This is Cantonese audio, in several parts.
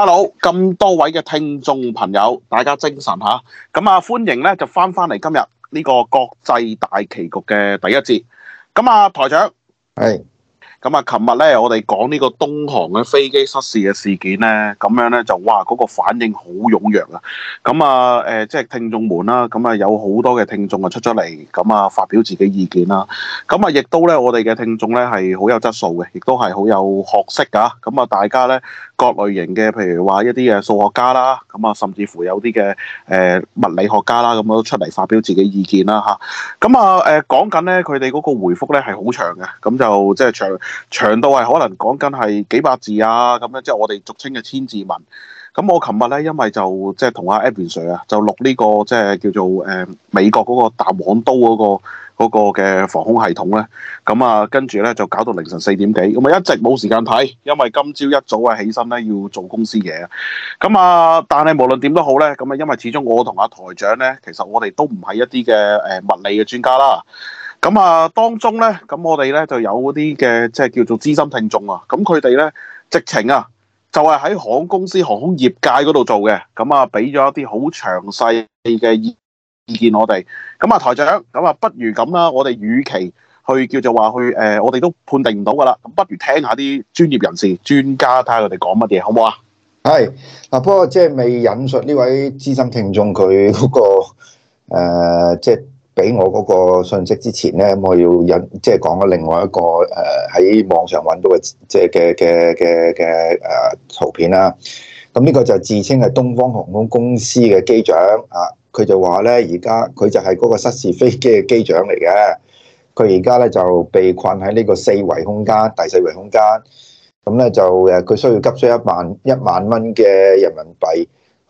hello，咁多位嘅聽眾朋友，大家精神吓，咁啊歡迎咧就翻翻嚟今日呢個國際大棋局嘅第一節，咁啊台長係，咁啊琴日咧我哋講呢個東航嘅飛機失事嘅事件咧，咁樣咧就哇嗰個反應好踴躍啊，咁啊誒即係聽眾們啦，咁啊有好多嘅聽眾啊出咗嚟，咁啊發表自己意見啦，咁啊亦都咧我哋嘅聽眾咧係好有質素嘅，亦都係好有學識噶，咁啊大家咧。各類型嘅，譬如話一啲嘅數學家啦，咁啊，甚至乎有啲嘅誒物理學家啦，咁樣出嚟發表自己意見啦吓，咁啊誒、啊、講緊咧，佢哋嗰個回覆咧係好長嘅，咁就即係長長到係可能講緊係幾百字啊，咁樣即係我哋俗稱嘅千字文。咁我琴日咧，因為就即係同阿 Abby 啊，就錄呢、這個即係叫做誒、呃、美國嗰個彈網刀嗰個，嗰個嘅防空系統咧，咁啊，跟住咧就搞到凌晨四點幾，咁啊一直冇時間睇，因為今朝一早啊起身咧要做公司嘢，咁啊，但係無論點都好咧，咁啊，因為始終我同阿、啊、台長咧，其實我哋都唔係一啲嘅誒物理嘅專家啦，咁啊，當中咧，咁我哋咧就有嗰啲嘅即係叫做資深聽眾啊，咁佢哋咧直情啊就係、是、喺航空公司航空業界嗰度做嘅，咁啊俾咗一啲好詳細嘅意見我哋咁啊，台長咁啊，不如咁啦，我哋與其去叫做話去誒、呃，我哋都判定唔到噶啦，咁不如聽下啲專業人士、專家睇下佢哋講乜嘢，好唔好啊？係嗱，不過即係未引述呢位資深聽眾佢嗰個誒，即係俾我嗰個信息之前咧，咁我要引即係講咗另外一個誒，喺網上搵到嘅即係嘅嘅嘅嘅誒圖片啦。咁呢個就自稱係東方航空公司嘅機長啊。佢就話咧，而家佢就係嗰個失事飛機嘅機長嚟嘅。佢而家咧就被困喺呢個四維空間、第四維空間。咁咧就誒，佢需要急需一萬一萬蚊嘅人民幣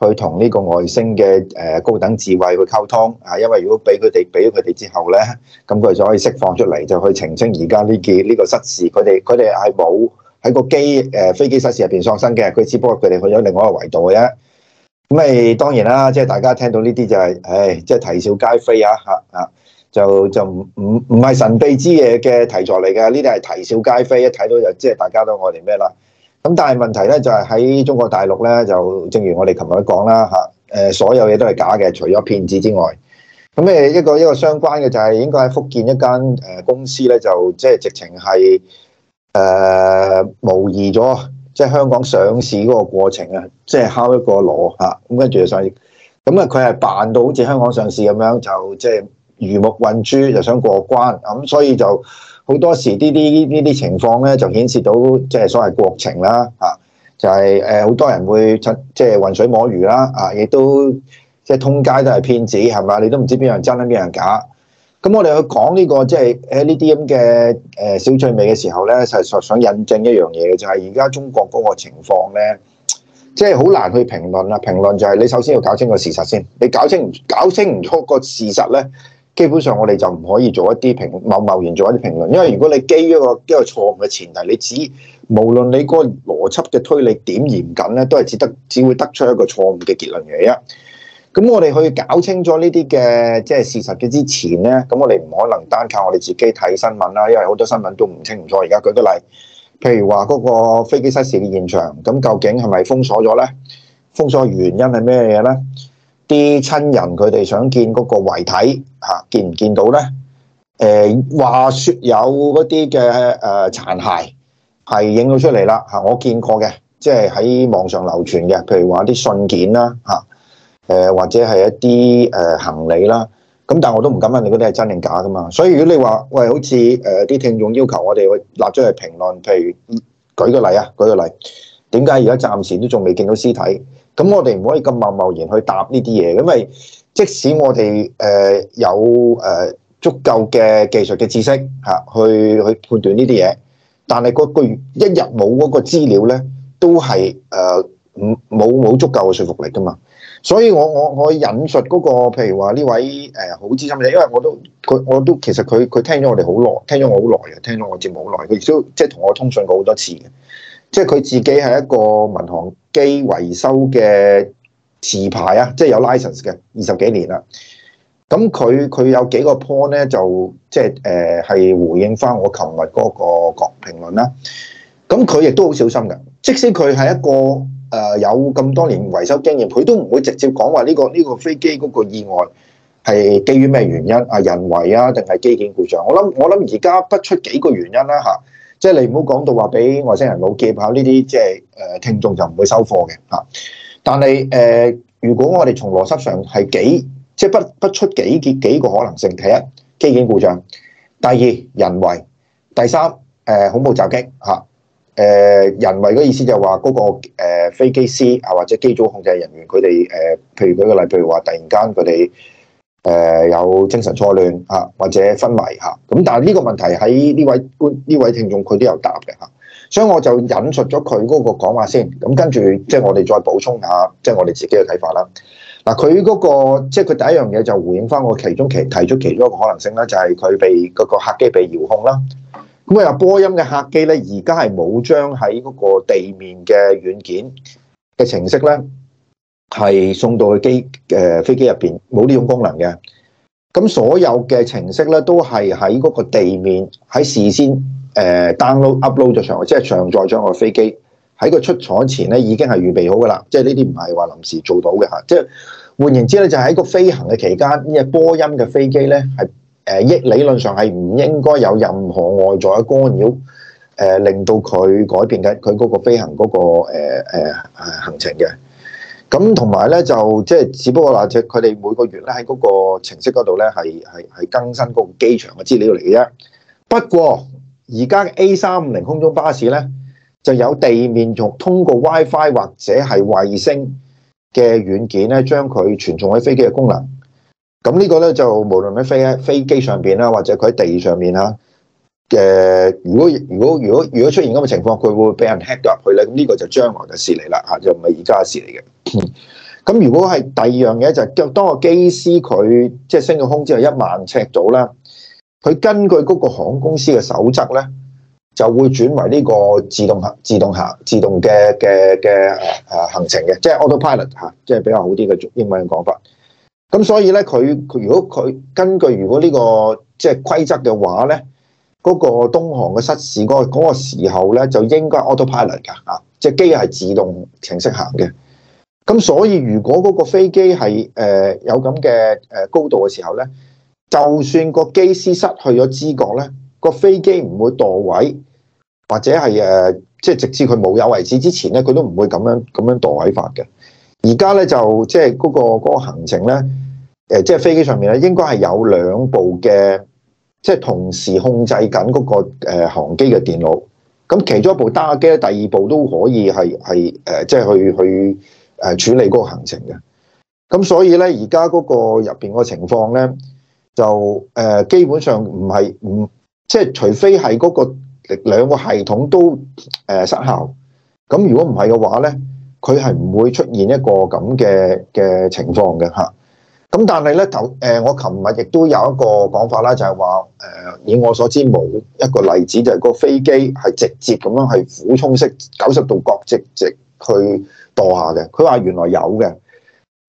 去同呢個外星嘅誒高等智慧去溝通。啊，因為如果俾佢哋俾咗佢哋之後咧，咁佢就可以釋放出嚟，就去澄清而家呢件呢個失事。佢哋佢哋係冇喺個飛機誒飛機失事入邊喪生嘅。佢只不過佢哋去咗另外一個維度嘅啫。咁當然啦，即係大家聽到呢啲就係、是，唉，即係啼笑皆非啊！吓啊，就就唔唔係神秘之夜嘅題材嚟嘅，呢啲係啼笑皆非，一睇到就即係大家都愛嚟咩啦。咁但係問題咧就係喺中國大陸咧就，正如我哋琴日講啦吓，誒，所有嘢都係假嘅，除咗騙子之外，咁誒一個一個相關嘅就係，應該喺福建一間誒公司咧，就即、是、係直情係誒模擬咗。即係香港上市嗰個過程啊，即係敲一個鑼嚇，咁跟住就上市啊！佢係扮到好似香港上市咁樣，就即係魚目混珠就想過關咁、啊，所以就好多時呢啲呢啲情況咧，就顯示到即係所謂國情啦嚇，就係誒好多人會即係混水摸魚啦啊，亦都即係、就是、通街都係騙子係嘛？你都唔知邊樣真邊樣假。咁我哋去講呢個即係誒呢啲咁嘅誒小趣味嘅時候咧，實實想引證一樣嘢嘅就係而家中國嗰個情況咧，即係好難去評論啦。評論就係你首先要搞清個事實先，你搞清搞清唔錯個事實咧，基本上我哋就唔可以做一啲評，冒冒然做一啲評論，因為如果你基於一個一個錯誤嘅前提，你只無論你個邏輯嘅推理點嚴謹咧，都係只得只會得出一個錯誤嘅結論嘅一。咁我哋去搞清楚呢啲嘅即係事實嘅之前呢。咁我哋唔可能單靠我哋自己睇新聞啦，因為好多新聞都唔清唔楚。而家舉個例，譬如話嗰個飛機失事嘅現場，咁究竟係咪封鎖咗呢？封鎖原因係咩嘢呢？啲親人佢哋想見嗰個遺體嚇，見唔見到呢？誒、呃，話說有嗰啲嘅誒殘骸係影到出嚟啦嚇，我見過嘅，即係喺網上流傳嘅，譬如話啲信件啦嚇。誒或者係一啲誒、呃、行李啦，咁但係我都唔敢問你嗰啲係真定假㗎嘛。所以如果你話，喂，好似誒啲聽眾要求我哋會立咗嚟評論，譬如舉個例啊，舉個例，點解而家暫時都仲未見到屍體？咁我哋唔可以咁貿貿然去答呢啲嘢，因為即使我哋誒、呃、有誒、呃、足夠嘅技術嘅知識吓、啊，去去判斷呢啲嘢，但係嗰個一日冇嗰個資料呢，都係誒冇冇足夠嘅說服力㗎嘛。所以我我我引述嗰個，譬如話呢位誒好、呃、資深嘅，因為我都佢我都其實佢佢聽咗我哋好耐，聽咗我好耐嘅，聽咗我節目好耐，佢亦都即係同我通訊過好多次嘅，即係佢自己係一個民航機維修嘅持牌啊，即係有 license 嘅二十幾年啦。咁佢佢有幾個 point 咧，就即係誒係回應翻我琴日嗰個國評論啦。咁佢亦都好小心嘅，即使佢係一個。誒有咁多年維修經驗，佢都唔會直接講話呢個呢、呢個飛機嗰個意外係基於咩原因啊？人為啊，定係機件故障？我諗我諗而家不出幾個原因啦吓，即、啊、係、就是、你唔好講到話俾外星人擄劫下呢啲，即係誒聽眾就唔會收貨嘅嚇、啊。但係誒、啊，如果我哋從邏輯上係幾即係、就是、不不出幾幾幾個可能性，第一機件故障，第二人為，第三誒、啊、恐怖襲擊嚇。啊誒，人為嘅意思就話嗰個誒飛機師啊，或者機組控制人員佢哋誒，譬如舉個例，譬如話突然間佢哋誒有精神錯亂嚇，或者昏迷嚇。咁但係呢個問題喺呢位觀呢位聽眾佢都有答嘅嚇，所以我就引述咗佢嗰個講話先。咁跟住即係我哋再補充下，即係我哋自己嘅睇法啦。嗱，佢嗰個即係佢第一樣嘢就回應返我其中其提出其中一個可能性啦，就係佢被嗰個客機被遙控啦。咁啊，波音嘅客機咧，而家係冇將喺嗰個地面嘅軟件嘅程式咧，係送到去機誒、呃、飛機入邊，冇呢種功能嘅。咁所有嘅程式咧，都係喺嗰個地面喺事先誒 download upload 咗上，即係上載咗我個飛機喺個出廠前咧，已經係預備好噶啦。即係呢啲唔係話臨時做到嘅嚇。即係換言之咧，就喺、是、個飛行嘅期間，呢隻波音嘅飛機咧係。誒，理論上係唔應該有任何外在嘅干擾，誒、呃、令到佢改變嘅佢嗰個飛行嗰、嗰個誒、呃呃、行程嘅。咁同埋咧，就即係、就是、只不過嗱，隻佢哋每個月咧喺嗰個程式嗰度咧係係係更新嗰個機場嘅資料嚟嘅啫。不過而家 A 三五零空中巴士咧就有地面從通過 WiFi 或者係衛星嘅軟件咧，將佢傳送喺飛機嘅功能。咁呢個咧就無論喺飛飛機上邊啦，或者佢喺地上面啦嘅、呃，如果如果如果如果出現咁嘅情況，佢會俾人 hack 咗入去咧，咁、這、呢個就將來嘅事嚟啦，吓，就唔係而家嘅事嚟嘅。咁 如果係第二樣嘢就係、當個機師佢即係升咗空之後一萬尺咗啦，佢根據嗰個航空公司嘅守則咧，就會轉為呢個自動行自動行自動嘅嘅嘅誒行程嘅，即係 autopilot 吓，即係比較好啲嘅英文講法。咁所以咧，佢佢如果佢根據如果呢、呢個即係規則嘅話咧，嗰、嗰個東航嘅失事嗰、嗰、嗰、個嗰個時候咧，就應該 autopilot 噶啊，即係機係自動程式行嘅。咁所以如果嗰個飛機係、呃、有咁嘅誒高度嘅時候咧，就算個機師失去咗知覺咧，個飛機唔會墮位，或者係誒即係直至佢冇有位置之前咧，佢都唔會咁樣咁樣墮位法嘅。而家咧就即係嗰、嗰個嗰個行程咧。誒即係飛機上面咧，應該係有兩部嘅，即係同時控制緊嗰個航機嘅電腦。咁其中一部當機咧，第二部都可以係係誒，即係去去誒處理嗰個行程嘅。咁所以咧，而家嗰個入邊個情況咧，就誒、呃、基本上唔係唔即係，除非係嗰個兩個系統都誒失效。咁如果唔係嘅話咧，佢係唔會出現一個咁嘅嘅情況嘅嚇。咁但係咧，頭誒，我琴日亦都有一個講法啦，就係話誒，以我所知冇一個例子，就係個飛機係直接咁樣係俯衝式九十度角直直去墮下嘅。佢話原來有嘅，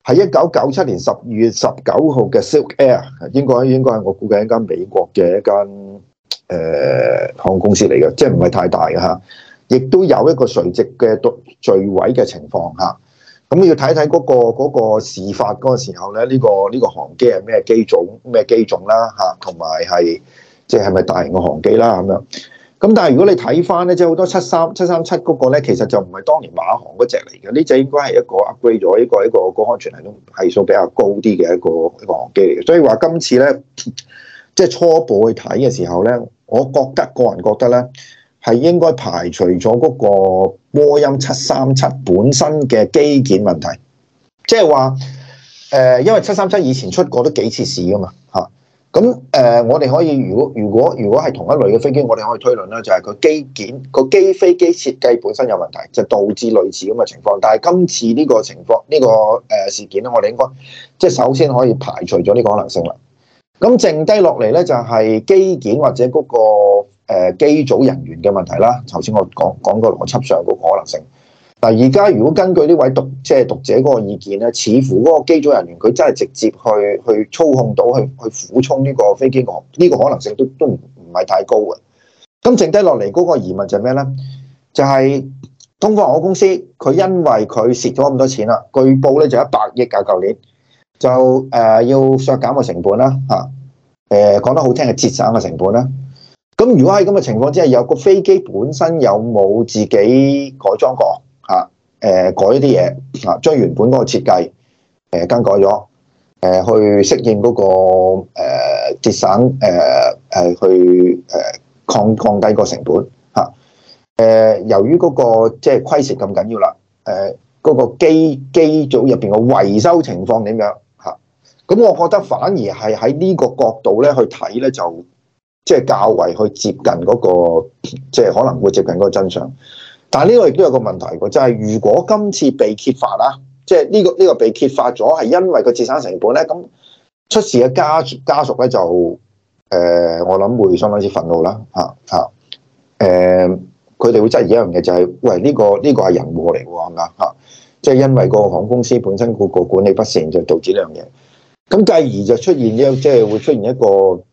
喺一九九七年十二月十九號嘅 Silk Air，應該應該係我估計一間美國嘅一間誒、呃、航空公司嚟嘅，即係唔係太大嘅吓，亦都有一個垂直嘅墜墜毀嘅情況吓。咁你要睇睇嗰個事發嗰個時候咧，呢個呢個航機係咩機種咩機種啦嚇，同埋係即係係咪大型嘅航機啦咁樣。咁但係如果你睇翻咧，即係好多七三七三七嗰個咧，其實就唔係當年馬航嗰隻嚟嘅，呢隻應該係一個 upgrade 咗一個一個個安全系統係數比較高啲嘅一個一個航機嚟嘅。所以話今次咧，即係初步去睇嘅時候咧，我覺得個人覺得咧。係應該排除咗嗰個波音七三七本身嘅機件問題，即係話誒，因為七三七以前出過都幾次事噶嘛嚇，咁誒，我哋可以如果如果如果係同一類嘅飛機，我哋可以推論啦，就係個機件個機飛機設計本身有問題，就導致類似咁嘅情況。但係今次呢個情況呢個誒事件咧，我哋應該即係首先可以排除咗呢個可能性啦。咁剩低落嚟咧，就係機件或者嗰個。誒機組人員嘅問題啦，頭先我講講個邏輯上個可能性。嗱，而家如果根據呢位讀即係讀者嗰個意見咧，似乎嗰個機組人員佢真係直接去去操控到去去俯衝呢個飛機嘅呢個可能性都都唔係太高嘅。咁剩低落嚟嗰個疑問就係咩咧？就係東方航空公司佢因為佢蝕咗咁多錢啦，據報咧就一百億㗎，舊年就誒要削減個成本啦，嚇誒講得好聽嘅，節省個成本啦。咁如果喺咁嘅情況之下，有個飛機本身有冇自己改裝過嚇？誒、啊呃、改一啲嘢嚇，將、啊、原本嗰個設計、啊、更改咗，誒、啊、去適應嗰、那個誒節省誒誒去誒降降低個成本嚇。誒、啊呃、由於嗰、那個即係虧蝕咁緊要啦，誒、啊、嗰、那個機機組入邊嘅維修情況點樣嚇？咁、啊、我覺得反而係喺呢個角度咧去睇咧就。即係較為去接近嗰、那個，即、就、係、是、可能會接近嗰個真相。但係呢個亦都有個問題，就係、是、如果今次被揭發啦，即係呢個呢、這個被揭發咗，係因為佢節省成本咧，咁出事嘅家家屬咧就誒、呃，我諗會相當之憤怒啦。吓、啊、吓，誒、啊，佢哋會質疑一樣嘢，就係、是、喂呢、這個呢、這個係人禍嚟，係咪啊？即係因為個航空公司本身個個管理不善，就導致呢樣嘢。咁繼而就出現呢，即、就、係、是、會出現一個。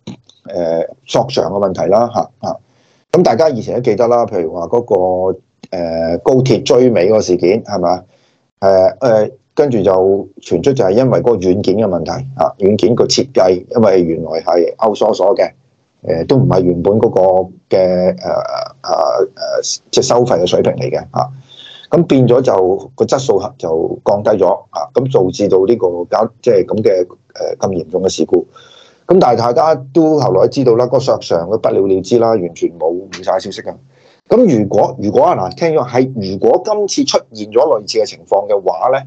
誒索償嘅問題啦，嚇啊！咁大家以前都記得啦，譬如話嗰個高鐵追尾個事件係咪？誒誒，跟住就傳出就係因為嗰個軟件嘅問題啊，軟件個設計，因為原來係 outsource 嘅，誒都唔係原本嗰個嘅誒誒誒，即係收費嘅水平嚟嘅啊！咁變咗就個質素就降低咗啊！咁導致到呢、這個交即係咁嘅誒咁嚴重嘅事故。咁但係大家都後來知道啦，個桌上都不了了之啦，完全冇冇晒消息嘅。咁如果如果啊嗱，聽咗係如果今次出現咗類似嘅情況嘅話咧，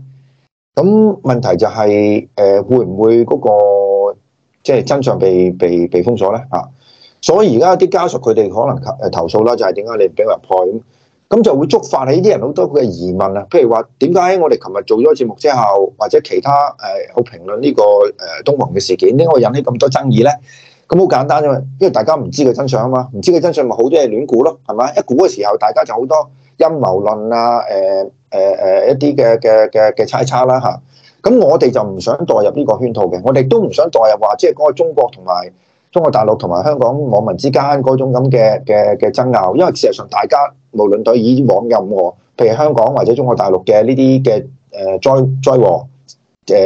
咁問題就係、是、誒、呃、會唔會嗰、那個即係、就是、真相被被被封鎖咧？啊，所以而家啲家屬佢哋可能投投訴啦，就係點解你俾入去咁？咁就會觸發起啲人好多嘅疑問啊，譬如話點解我哋琴日做咗節目之後，或者其他誒好評論呢個誒東航嘅事件，點解會引起咁多爭議咧？咁好簡單啫嘛，因為大家唔知佢真相啊嘛，唔知佢真相咪好多嘢亂估咯，係咪？一估嘅時候，大家就好多陰謀論啊，誒誒誒一啲嘅嘅嘅嘅猜測啦、啊、嚇。咁我哋就唔想代入呢個圈套嘅，我哋都唔想代入話，即係嗰個中國同埋。中國大陸同埋香港網民之間嗰種咁嘅嘅嘅爭拗，因為事實上大家無論對以往任何，譬如香港或者中國大陸嘅呢啲嘅誒災災禍誒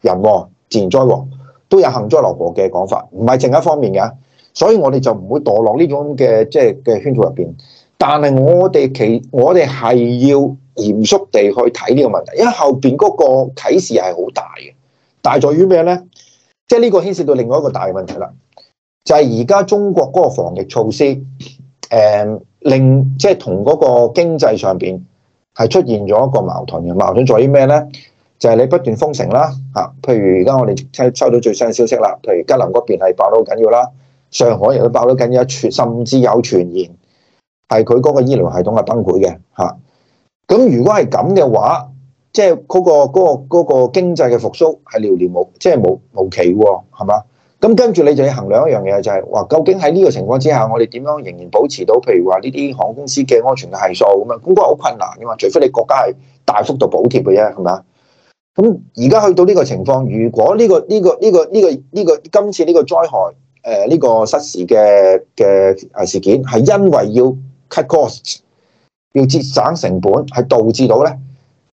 人禍自然災禍，都有幸災樂禍嘅講法，唔係淨一方面嘅，所以我哋就唔會墮落呢種嘅即係嘅圈套入邊。但係我哋其我哋係要嚴肅地去睇呢個問題，因為後邊嗰個啟示係好大嘅，大在於咩呢？即係呢個牽涉到另外一個大嘅問題啦。就係而家中國嗰個防疫措施，誒、嗯，令即係、就是、同嗰個經濟上邊係出現咗一個矛盾嘅矛盾，在於咩咧？就係、是、你不斷封城啦，吓，譬如而家我哋收收到最新消息啦，譬如吉林嗰邊係爆得好緊要啦，上海亦都爆得緊要，傳甚至有傳言係佢嗰個醫療系統係崩潰嘅，吓、啊。咁如果係咁嘅話，即係嗰個嗰、那個、那個那個經濟嘅復甦係遙遙無，即係冇無期喎，係嘛？咁跟住你就要衡量一樣嘢、就係，就係話究竟喺呢個情況之下，我哋點樣仍然保持到譬如話呢啲航空公司嘅安全嘅係數咁啊？咁都係好困難嘅嘛。除非你國家係大幅度補貼嘅啫，係咪啊？咁而家去到呢個情況，如果呢、呢個呢、呢個呢、呢個呢、呢個呢、呢個今次呢個災害誒呢、呃呢個失事嘅嘅啊事件係因為要 cut cost，要節省成本，係導致到咧，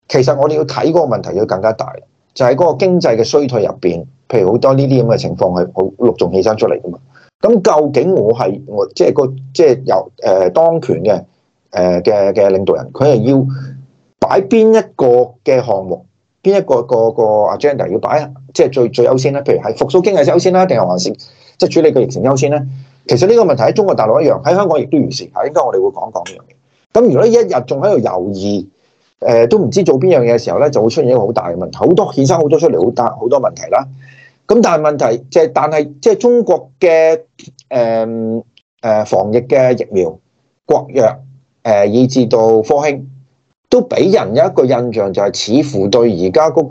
其實我哋要睇嗰個問題要更加大。就喺嗰個經濟嘅衰退入邊，譬如好多呢啲咁嘅情況係好陸續起身出嚟噶嘛。咁究竟我係我即係個即係由誒當權嘅誒嘅嘅領導人，佢係要擺邊一個嘅項目，邊一個個個 agenda 要擺，即係最最優先咧。譬如係復甦經濟優先啦、啊，定係還先？即係處理個疫情優先咧？其實呢個問題喺中國大陸一樣，喺香港亦都如是啊，應該我哋會講講呢樣嘢。咁如果一日仲喺度猶豫，誒，都唔知做邊樣嘢嘅時候咧，就會出現一個好大嘅問題，好多衍生好多出嚟，好大好多問題啦。咁但係問題即係、就是，但係即係中國嘅誒誒防疫嘅疫苗、國藥誒、呃，以至到科興，都俾人有一個印象就係，似乎對而家嗰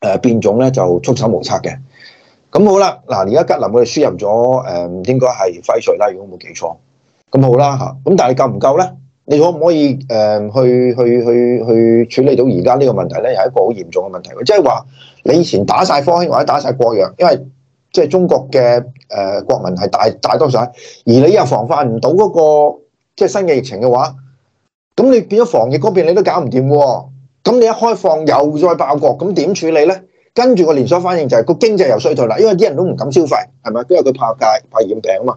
個誒變種咧就束手無策嘅。咁好啦，嗱而家吉林佢輸入咗誒、呃，應該係輝瑞啦，如果冇記錯，咁好啦吓。咁但係夠唔夠咧？你可唔可以誒去去去去處理到而家呢個問題咧？又係一個好嚴重嘅問題，即係話你以前打晒科興或者打晒國藥，因為即係中國嘅誒國民係大大多數，而你又防範唔到嗰個即係新嘅疫情嘅話，咁你變咗防疫嗰邊你都搞唔掂喎。咁你一開放又再爆國，咁點處理咧？跟住個連鎖反應就係、是、個經濟又衰退啦，因為啲人都唔敢消費，係咪？因為佢怕戒怕，怕染病啊嘛。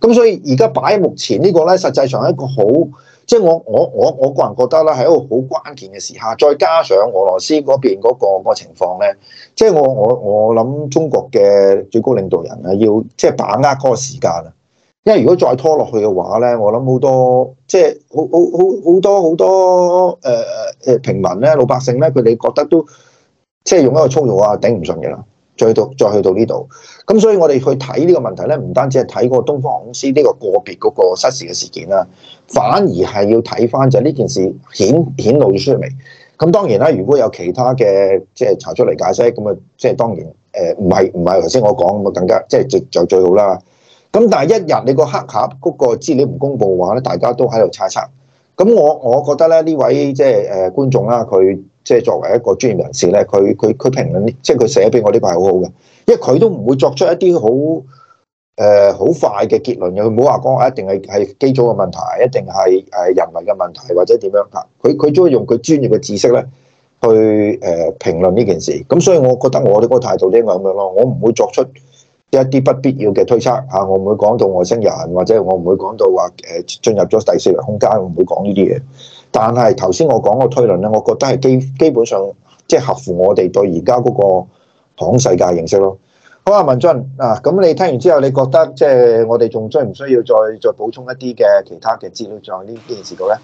咁所以而家擺喺目前個呢個咧，實際上係一個好。即係我我我我個人覺得咧，係一個好關鍵嘅時刻，再加上俄羅斯嗰邊嗰個、嗰個情況咧，即係我我我諗中國嘅最高領導人啊，要即係把握嗰個時間啊，因為如果再拖落去嘅話咧，我諗好，好，好，好多即係好好好好多好多誒誒平民咧、老百姓咧，佢哋覺得都即係用一個粗俗話，頂唔順嘅啦。再到再去到呢度，咁所以我哋去睇呢個問題咧，唔單止係睇個東方航空公司呢個個別嗰個失事嘅事件啦，反而係要睇翻就係呢件事顯顯露咗出嚟。咁當然啦，如果有其他嘅即係查出嚟解釋，咁啊即係當然誒唔係唔係頭先我講咁啊更加即係直就是、最，最好啦。咁但係一日你個黑匣嗰個資料唔公佈嘅話咧，大家都喺度猜測。咁我我覺得咧呢位即係誒觀眾啦，佢即係作為一個專業人士咧，佢佢佢評論，即係佢寫俾我呢個係好好嘅，因為佢都唔會作出一啲好誒好快嘅結論嘅。佢唔好話講一定係係機組嘅問題，一定係誒人為嘅問題或者點樣。佢佢都用佢專業嘅知識咧去誒評論呢件事。咁所以我覺得我哋嗰個態度應該咁樣咯，我唔會作出一啲不必要嘅推測，啊我唔會講到外星人，或者我唔會講到話誒進入咗第四維空間，我唔會講呢啲嘢。但係頭先我講個推論咧，我覺得係基基本上即係、就是、合乎我哋對而家嗰個航空世界認識咯。好啊，文進。啊，咁你聽完之後，你覺得即係我哋仲需唔需要再再補充一啲嘅其他嘅資料，仲呢件事度咧？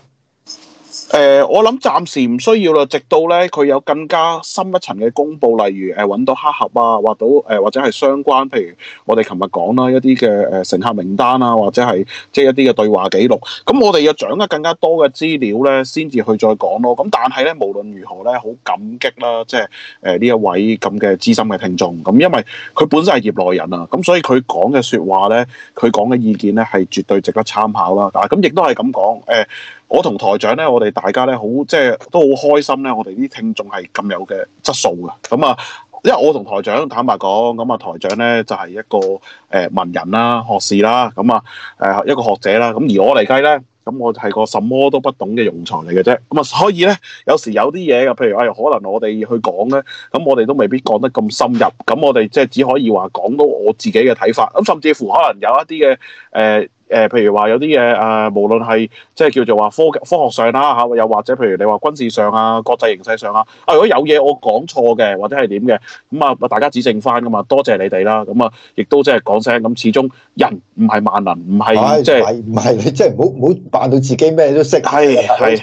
誒、呃，我諗暫時唔需要啦。直到咧，佢有更加深一層嘅公布，例如誒揾、呃、到黑盒啊，或到誒、呃、或者係相關，譬如我哋琴日講啦，一啲嘅誒乘客名單啊，或者係即係一啲嘅對話記錄。咁我哋要掌握更加多嘅資料咧，先至去再講咯。咁但係咧，無論如何咧，好感激啦，即係誒呢一位咁嘅資深嘅聽眾。咁因為佢本身係業內人啊，咁所以佢講嘅說話咧，佢講嘅意見咧，係絕對值得參考啦。咁亦都係咁講，誒、呃。呃呃呃呃我同台長咧，我哋大家咧好，即係都好開心咧。我哋啲聽眾係咁有嘅質素嘅。咁、嗯、啊，因為我同台長坦白講，咁、嗯、啊台長咧就係、是、一個誒、呃、文人啦、學士啦，咁啊誒一個學者啦。咁、嗯、而我嚟計咧，咁、嗯、我係個什麼都不懂嘅庸才嚟嘅啫。咁、嗯、啊，所以咧有時有啲嘢嘅，譬如可能我哋去講咧，咁、嗯、我哋都未必講得咁深入。咁、嗯、我哋即係只可以話講到我自己嘅睇法。咁、嗯、甚至乎可能有一啲嘅誒。呃誒，譬如話有啲嘢誒，無論係即係叫做話科科學上啦嚇，又或者譬如你話軍事上啊、國際形勢上啊，啊如果有嘢我講錯嘅或者係點嘅，咁啊大家指正翻噶嘛，多謝你哋啦，咁啊亦都即係講聲，咁始終人唔係萬能，唔係即係唔係你即係唔好唔好扮到自己咩都識，係係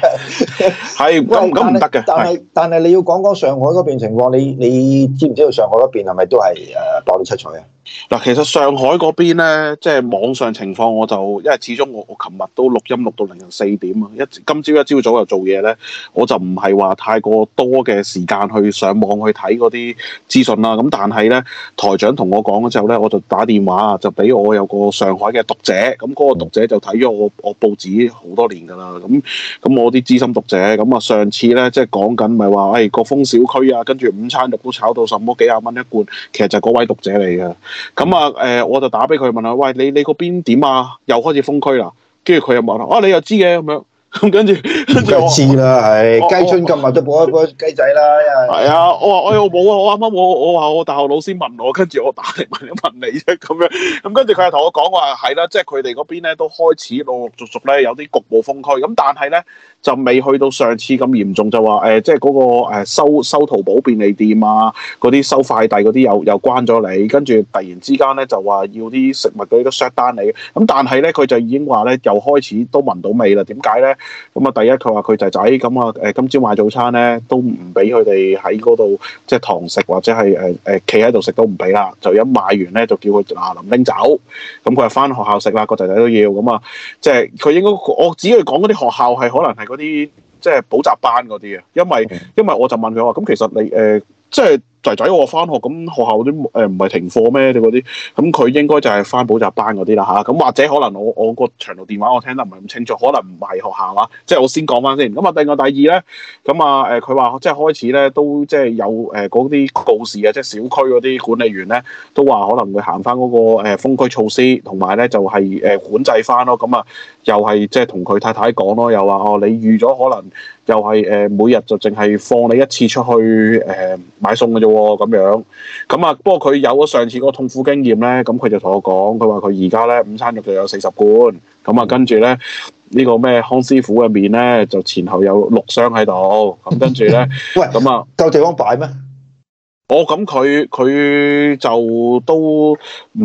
係咁唔得嘅。但係但係你要講講上海嗰邊情況，你你知唔知道上海嗰邊係咪都係誒爆到七彩啊？嗱，其實上海嗰邊咧，即係網上情況我就，因為始終我我琴日都錄音錄到凌晨四點啊，一今朝一朝早又做嘢咧，我就唔係話太過多嘅時間去上網去睇嗰啲資訊啦。咁但係咧，台長同我講咗之後咧，我就打電話就俾我有個上海嘅讀者，咁嗰個讀者就睇咗我我報紙好多年㗎啦。咁咁我啲資深讀者，咁啊上次咧即係講緊咪話，誒個封小區啊，跟住午餐肉都炒到什麼幾廿蚊一罐，其實就嗰位讀者嚟嘅。咁啊，誒、呃，我就打俾佢問下，喂，你你嗰邊點啊？又開始封區啦，跟住佢又問，啊，你又知嘅，咁樣，咁跟住。雞啦，係雞、哦、春今日都冇一班雞仔啦，係啊，我話我又冇啊，我啱啱我剛剛我話我，我大學老師問我，跟住我打嚟問你啫咁樣，咁跟住佢又同我講話，係啦，即係佢哋嗰邊咧都開始陸陸續續咧有啲局部封區，咁但係咧就未去到上次咁嚴重，就話誒、呃、即係嗰、那個誒、呃、收收淘寶便利店啊，嗰啲收快遞嗰啲又又關咗你，跟住突然之間咧就話要啲食物嗰啲都 short 單你，咁但係咧佢就已經話咧又開始都聞到味啦，點解咧？咁啊第一。第一佢話佢仔仔，咁啊誒，今朝買早餐咧都唔俾佢哋喺嗰度即係堂食或者係誒誒企喺度食都唔俾啦，就一買完咧就叫佢嗱臨拎走。咁佢話返學校食啦，個仔仔都要咁啊、嗯，即係佢應該我只係講嗰啲學校係可能係嗰啲即係補習班嗰啲啊，因為、嗯、因為我就問佢話咁其實你誒、呃、即係。仔仔我翻學咁學校啲誒唔係停課咩？你嗰啲咁佢應該就係翻補習班嗰啲啦嚇。咁、啊、或者可能我我個長途電話我聽得唔係咁清楚，可能唔係學校啦。即係我先講翻先。咁啊，另外第二咧，咁啊誒佢話即係開始咧都即係有誒嗰啲告示啊，即係小區嗰啲管理員咧都話可能會行翻嗰、嗰個、呃、封區措施，同埋咧就係、係、誒、呃、管制翻咯。咁啊又係即係同佢太太講咯，又話哦你預咗可能。又係誒、呃，每日就淨係放你一次出去誒、呃、買餸嘅啫喎，咁樣咁啊。不過佢有咗上次個痛苦經驗咧，咁佢就同我講，佢話佢而家咧午餐肉就有四十罐，咁啊跟住咧呢、呢個咩康師傅嘅麵咧，就前後有六箱喺度，咁跟住咧， 喂，咁啊夠地方擺咩？哦，咁佢佢就都唔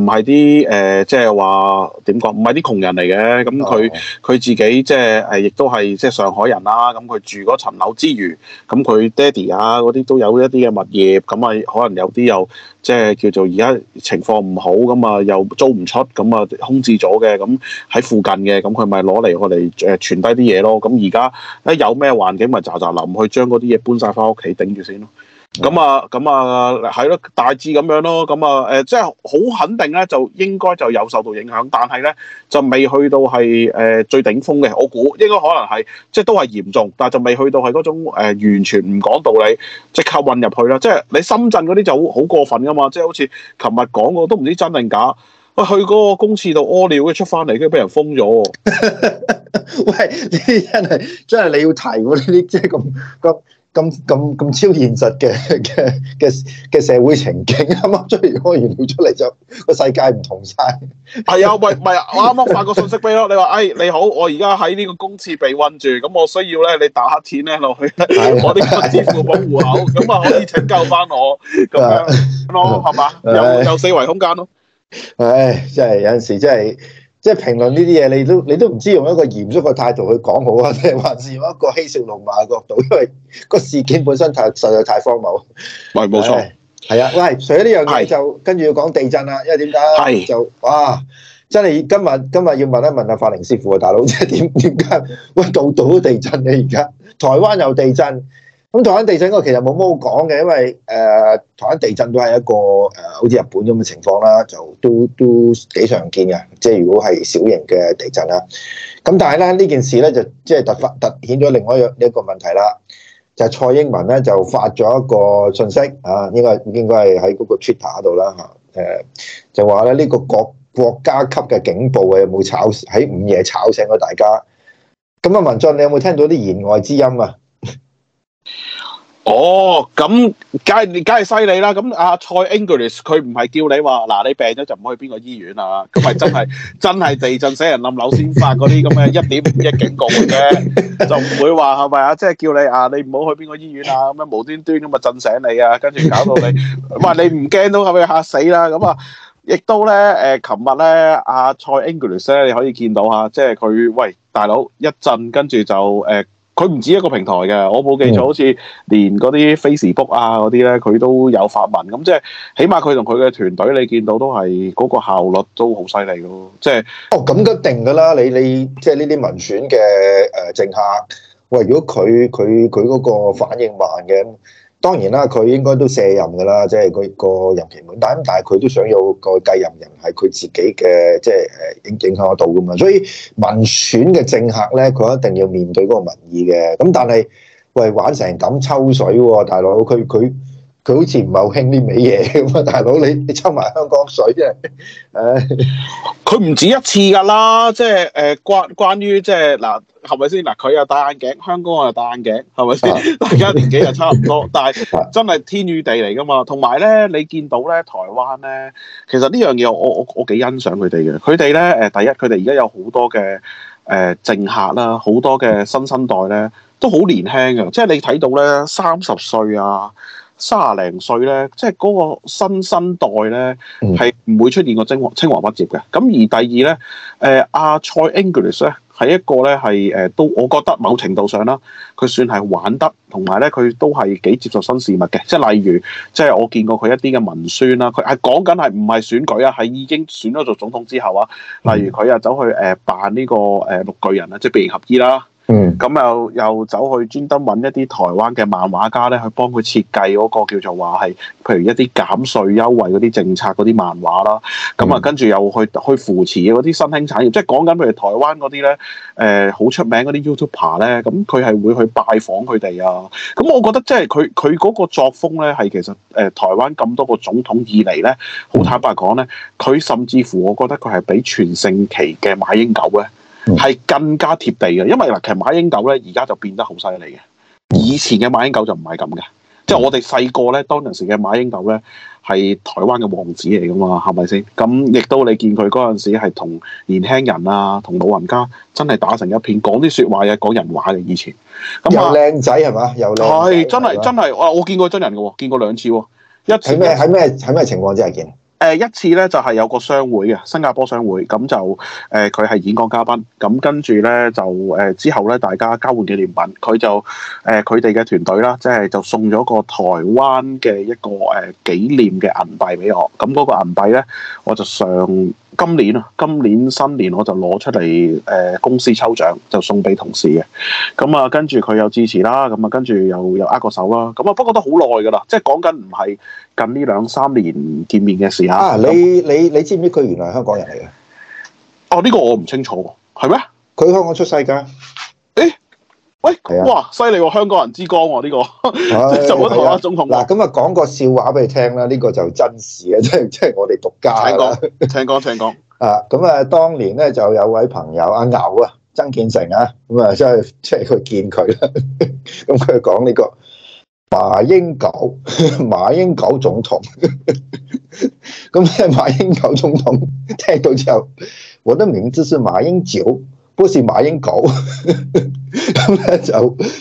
係啲誒，即係話點講？唔係啲窮人嚟嘅。咁佢佢自己即係誒，亦都係即係上海人啦。咁佢 on stage 住嗰層樓之餘，咁佢爹哋啊嗰啲都有一啲嘅物業。咁啊，可能有啲又即係叫做而家情況唔好，咁啊又租唔出，咁啊空置咗嘅。咁喺附近嘅，咁佢咪攞嚟我嚟誒傳低啲嘢咯。咁而家誒有咩環境，咪渣渣淋去將嗰啲嘢搬晒翻屋企頂住先咯。咁啊，咁啊，係咯，大致咁樣咯。咁啊，誒、呃，即係好肯定咧，就應該就有受到影響，但係咧就未去到係誒、呃、最頂峰嘅。我估應該可能係即係都係嚴重，但係就未去到係嗰種誒、呃、完全唔講道理即刻運入去啦。即係你深圳嗰啲就好好過分噶嘛，即係好似琴日講過，都唔知真定假。呃、 喂，去嗰個公廁度屙尿嘅出翻嚟，都住俾人封咗。喂，你真係真係你要提呢啲，即係咁咁。 咁咁咁超現實嘅嘅嘅嘅社會情景，啱啱追完開完會出嚟就個世界唔同晒。哎，係啊，咪咪，我啱啱發個信息俾你，你話：哎，你好，我而家喺呢個公廁被困住，咁我需要咧你打黑錢咧落去， 我啲支付寶戶口，咁啊可以拯救翻我咁樣咯，係嘛、啊？有 有，有四維空間咯。唉、哎，真係有陣時真係。即係評論呢啲嘢，你都你都唔知用一個嚴肅嘅態度去講好啊，定係還是用一個嬉笑怒罵嘅角度？因為個事件本身太實在，太荒謬。係冇錯，係啊。喂，除咗呢樣嘢，就的跟住要講地震啦。因為點解的就哇，真係今日今日要問一問阿法寧師傅啊，大佬即係點點解？喂，度度都地震你而家，台灣又地震。咁台灣地震我其實冇乜好講嘅，因為誒、呃，台灣地震都係一個誒，好、呃、似日本咁嘅情況啦，就都都幾常見嘅，即係如果係小型嘅地震啦。咁但係咧呢件事咧就即係突發突顯咗另外一一個問題啦，就係、是、蔡英文咧就發咗一個信息啊，應該應該係喺嗰個 Twitter 度啦吓，誒、呃、就話咧呢個國國家級嘅警報啊，有冇吵喺午夜吵醒咗大家？咁啊，文進你有冇聽到啲言外之音啊？哦，咁梗係，梗係犀利啦！咁阿蔡 English 佢唔係叫你話嗱，你病咗就唔好去邊個醫院啊？咁係真係真係地震死人冧樓先發嗰啲咁嘅一點一警告嘅，就唔會話係咪啊？即係叫你啊，你唔好去邊個醫院啊？咁樣無端端咁啊震醒你啊，跟住搞到你，喂，你唔驚都咁樣吓死啦！咁啊，亦都咧，誒，琴日咧，阿蔡 English 咧，你可以見到啊，即係佢喂大佬一震，跟住就誒。佢唔止一個平台嘅，我冇記錯，嗯、好似連嗰啲 Facebook 啊嗰啲咧，佢都有發文咁，即係、就是、起碼佢同佢嘅團隊，你見到都係嗰、那個效率都好犀利咯，即、就、係、是、哦咁都定㗎啦，你你即係呢啲民選嘅誒政客，喂，如果佢佢佢嗰個反應慢嘅。當然啦，佢應該都卸任㗎喇，即係佢個任期滿。但咁，但係佢都想有個繼任人係佢自己嘅，即係誒影影響得到㗎嘛。所以民選嘅政客咧，佢一定要面對嗰個民意嘅。咁但係喂，玩成咁抽水喎、哦，大佬，佢佢。佢好似唔係興啲味嘢咁啊！大佬，你你抽埋香港水啫！唉、哎，佢唔止一次噶啦，即係誒關關於即係嗱，係咪先嗱？佢又戴眼鏡，香港我又戴眼鏡，係咪先？啊、大家年紀又差唔多，啊、但係真係天與地嚟噶嘛。同埋咧，你見到咧，台灣咧，其實呢樣嘢我我我幾欣賞佢哋嘅。佢哋咧誒，第一佢哋而家有好多嘅誒、呃、政客啦，好多嘅新生代咧，都好年輕嘅，即係你睇到咧，三十歲啊！三十零歲咧，即係嗰個新生代咧，係唔會出現個青黃青黃不接嘅。咁而第二咧，誒、啊、阿澤連斯基咧，係一個咧係誒都，我覺得某程度上啦，佢算係玩得，同埋咧佢都係幾接受新事物嘅。即係例如，即、就、係、是、我見過佢一啲嘅文宣啦，佢係講緊係唔係選舉啊，係已經選咗做總統之後啊。例如佢啊，走去誒、呃、扮呢、這個誒、呃、綠巨人啊，即係變形俠醫啦。嗯，咁又又走去專登揾一啲台灣嘅漫畫家咧，去幫佢設計嗰個叫做話係，譬如一啲減稅優惠嗰啲政策嗰啲漫畫啦。咁啊、嗯，跟住又去去扶持嗰啲新興產業，即係講緊譬如台灣嗰啲咧，誒、呃、好出名嗰啲 YouTuber 咧，咁佢係會去拜訪佢哋啊。咁我覺得即係佢佢嗰個作風呢，係其實誒、呃、台灣咁多個總統以嚟呢，好坦白講呢，佢甚至乎我覺得佢係比全盛期嘅馬英九呢。係更加貼地嘅，因為嗱，其實馬英九咧而家就變得好犀利嘅。以前嘅馬英九就唔係咁嘅，嗯、即係我哋細個咧當陣時嘅馬英九咧係台灣嘅王子嚟嘅嘛，係咪先？咁亦都你見佢嗰陣時係同年輕人啊，同老人家真係打成一片講一說，講啲説話嘅，講人話嘅。以前咁，又靚仔係嘛？又靚係真係真係，吧我見過真人嘅喎，見過兩次喎。一次咩喺咩喺咩情況之下見？誒一次咧就係有個商會嘅新加坡商會，咁就誒佢係演講嘉賓，咁跟住咧就誒之後咧大家交換紀念品，佢就誒佢哋嘅團隊啦，即係就送咗個台灣嘅一個誒紀念嘅銀幣俾我，咁嗰個銀幣咧我就上。今年啊，今年新年我就攞出嚟誒、呃、公司抽獎就送俾同事嘅，咁、嗯、啊跟住佢又支持啦，咁啊跟住又又握個手啦，咁、嗯、啊不過都好耐㗎啦，即係講緊唔係近呢兩三年見面嘅事嚇、啊啊。你你你知唔知佢原來係香港人嚟嘅？哦、啊，呢、這個我唔清楚喎，係咩？佢香港出世㗎。誒、欸？喂，哇，犀利喎！香港人之光喎，啊，呢、呢個就嗰台總統。嗱，咁啊講個笑話俾你聽啦，呢、呢個就真事嘅，即係即係我哋獨家聽。聽講，聽講，聽講啊！咁啊，當年咧就有位朋友阿牛啊，曾建成啊，咁啊即係即係去見佢啦。咁佢講呢個馬英九，馬英九總統。咁咩馬英九總統聽到之後，我都明知是馬英九。好似馬英九，咁咧就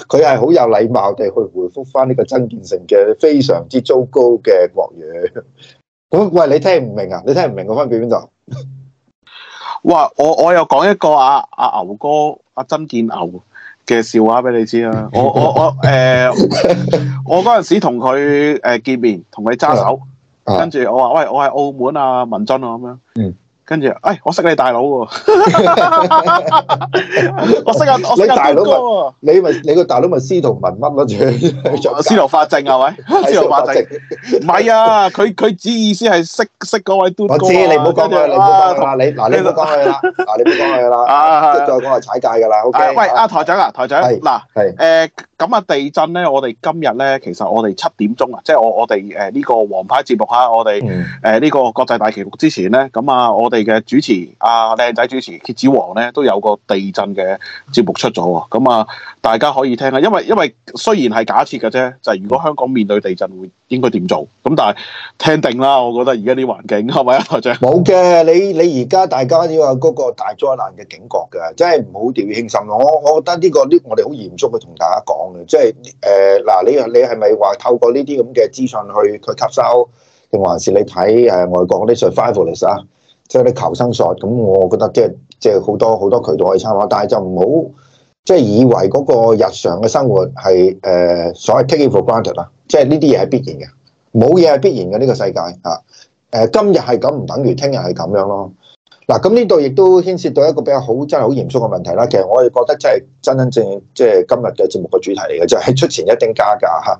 佢係好有禮貌地去回覆翻呢個曾健成嘅非常之糟糕嘅國語。咁，喂你聽唔明啊？你聽唔明，聽明我分別邊就？哇！我我又講一個阿、啊、阿、啊、牛哥阿、啊、曾健牛嘅笑話俾你知啦、啊。我我我誒，我嗰陣、呃、時同佢誒見面，同佢揸手，啊啊、跟住我話：喂，我係澳門啊，文進啊，咁樣。嗯跟住，哎，我識你大佬喎！我識下我識啊，大哥你咪你個大佬咪司徒文乜嗰隻？司徒法正係咪？司徒法正？唔係啊！佢佢指意思係識識嗰位都哥。我知你唔好講啦，你唔好講啦，你嗱你唔好講佢啦，嗱你唔好講佢啦，即係再講就踩界㗎啦。OK。喂，阿台長啊，台長，嗱，誒咁啊，地震咧，我哋今日咧，其實我哋七點鐘啊，即係我我哋誒呢個王牌節目啊，我哋誒呢個國際大棋局之前咧，咁啊，我哋。嘅主持阿靚、啊、仔主持蠍子王咧都有個地震嘅節目出咗喎，咁啊大家可以聽下，因為因為雖然係假設嘅啫，就係、是、如果香港面對地震會應該點做，咁但係聽定啦，我覺得而家啲環境係咪啊，或者？冇嘅，你你而家大家要話嗰個大災難嘅警覺㗎，即係唔好掉以輕心，我我覺得呢個啲，我哋好嚴肅去同大家講嘅，即係誒嗱，你你係咪話透過呢啲咁嘅資訊去去吸收，定還是你睇誒、呃、外國嗰啲 survivors 啊？即係啲求生索咁，我覺得即係即係好多好多渠道可以參考，但係就唔好即係以為嗰個日常嘅生活係誒所謂 take it for granted 啦。即係呢啲嘢係必然嘅，冇嘢係必然嘅呢個世界嚇。誒，今日係咁唔等於聽日係咁樣咯。嗱，咁呢度亦都牽涉到一個比較好真係好嚴肅嘅問題啦。其實我哋覺得真係真真正正，即係今日嘅節目嘅主題嚟嘅就係出前一丁加價嚇。啊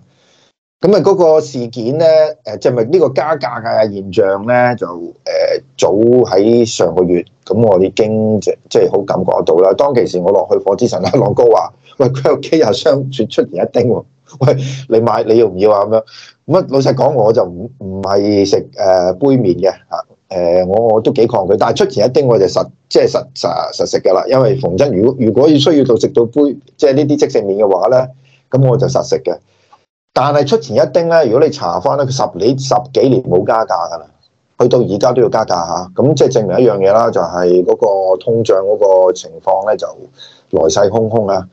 咁啊，嗰個事件咧，誒，即係咪呢個加價嘅現象咧？就誒，呃，早喺上個月，咁我已經即即係好感覺到啦。當其時我落去火之神阿浪哥話，喂，佢有幾日相算出前一丁，喂，你買你要唔要啊？咁樣咁啊，老實講，我就唔唔係食誒杯麵嘅吓。誒，呃，我我都幾抗拒，但係出前一丁我就實即係實實實食噶啦。因為逢親如果如果要需要到食到杯即係呢啲即食麵嘅話咧，咁我就實食嘅。但係出前一丁咧，如果你查翻咧，佢十年十幾年冇加價㗎啦，去到而家都要加價吓，咁即係證明一樣嘢啦，就係嗰個通脹嗰個情況咧就來勢洶洶啦。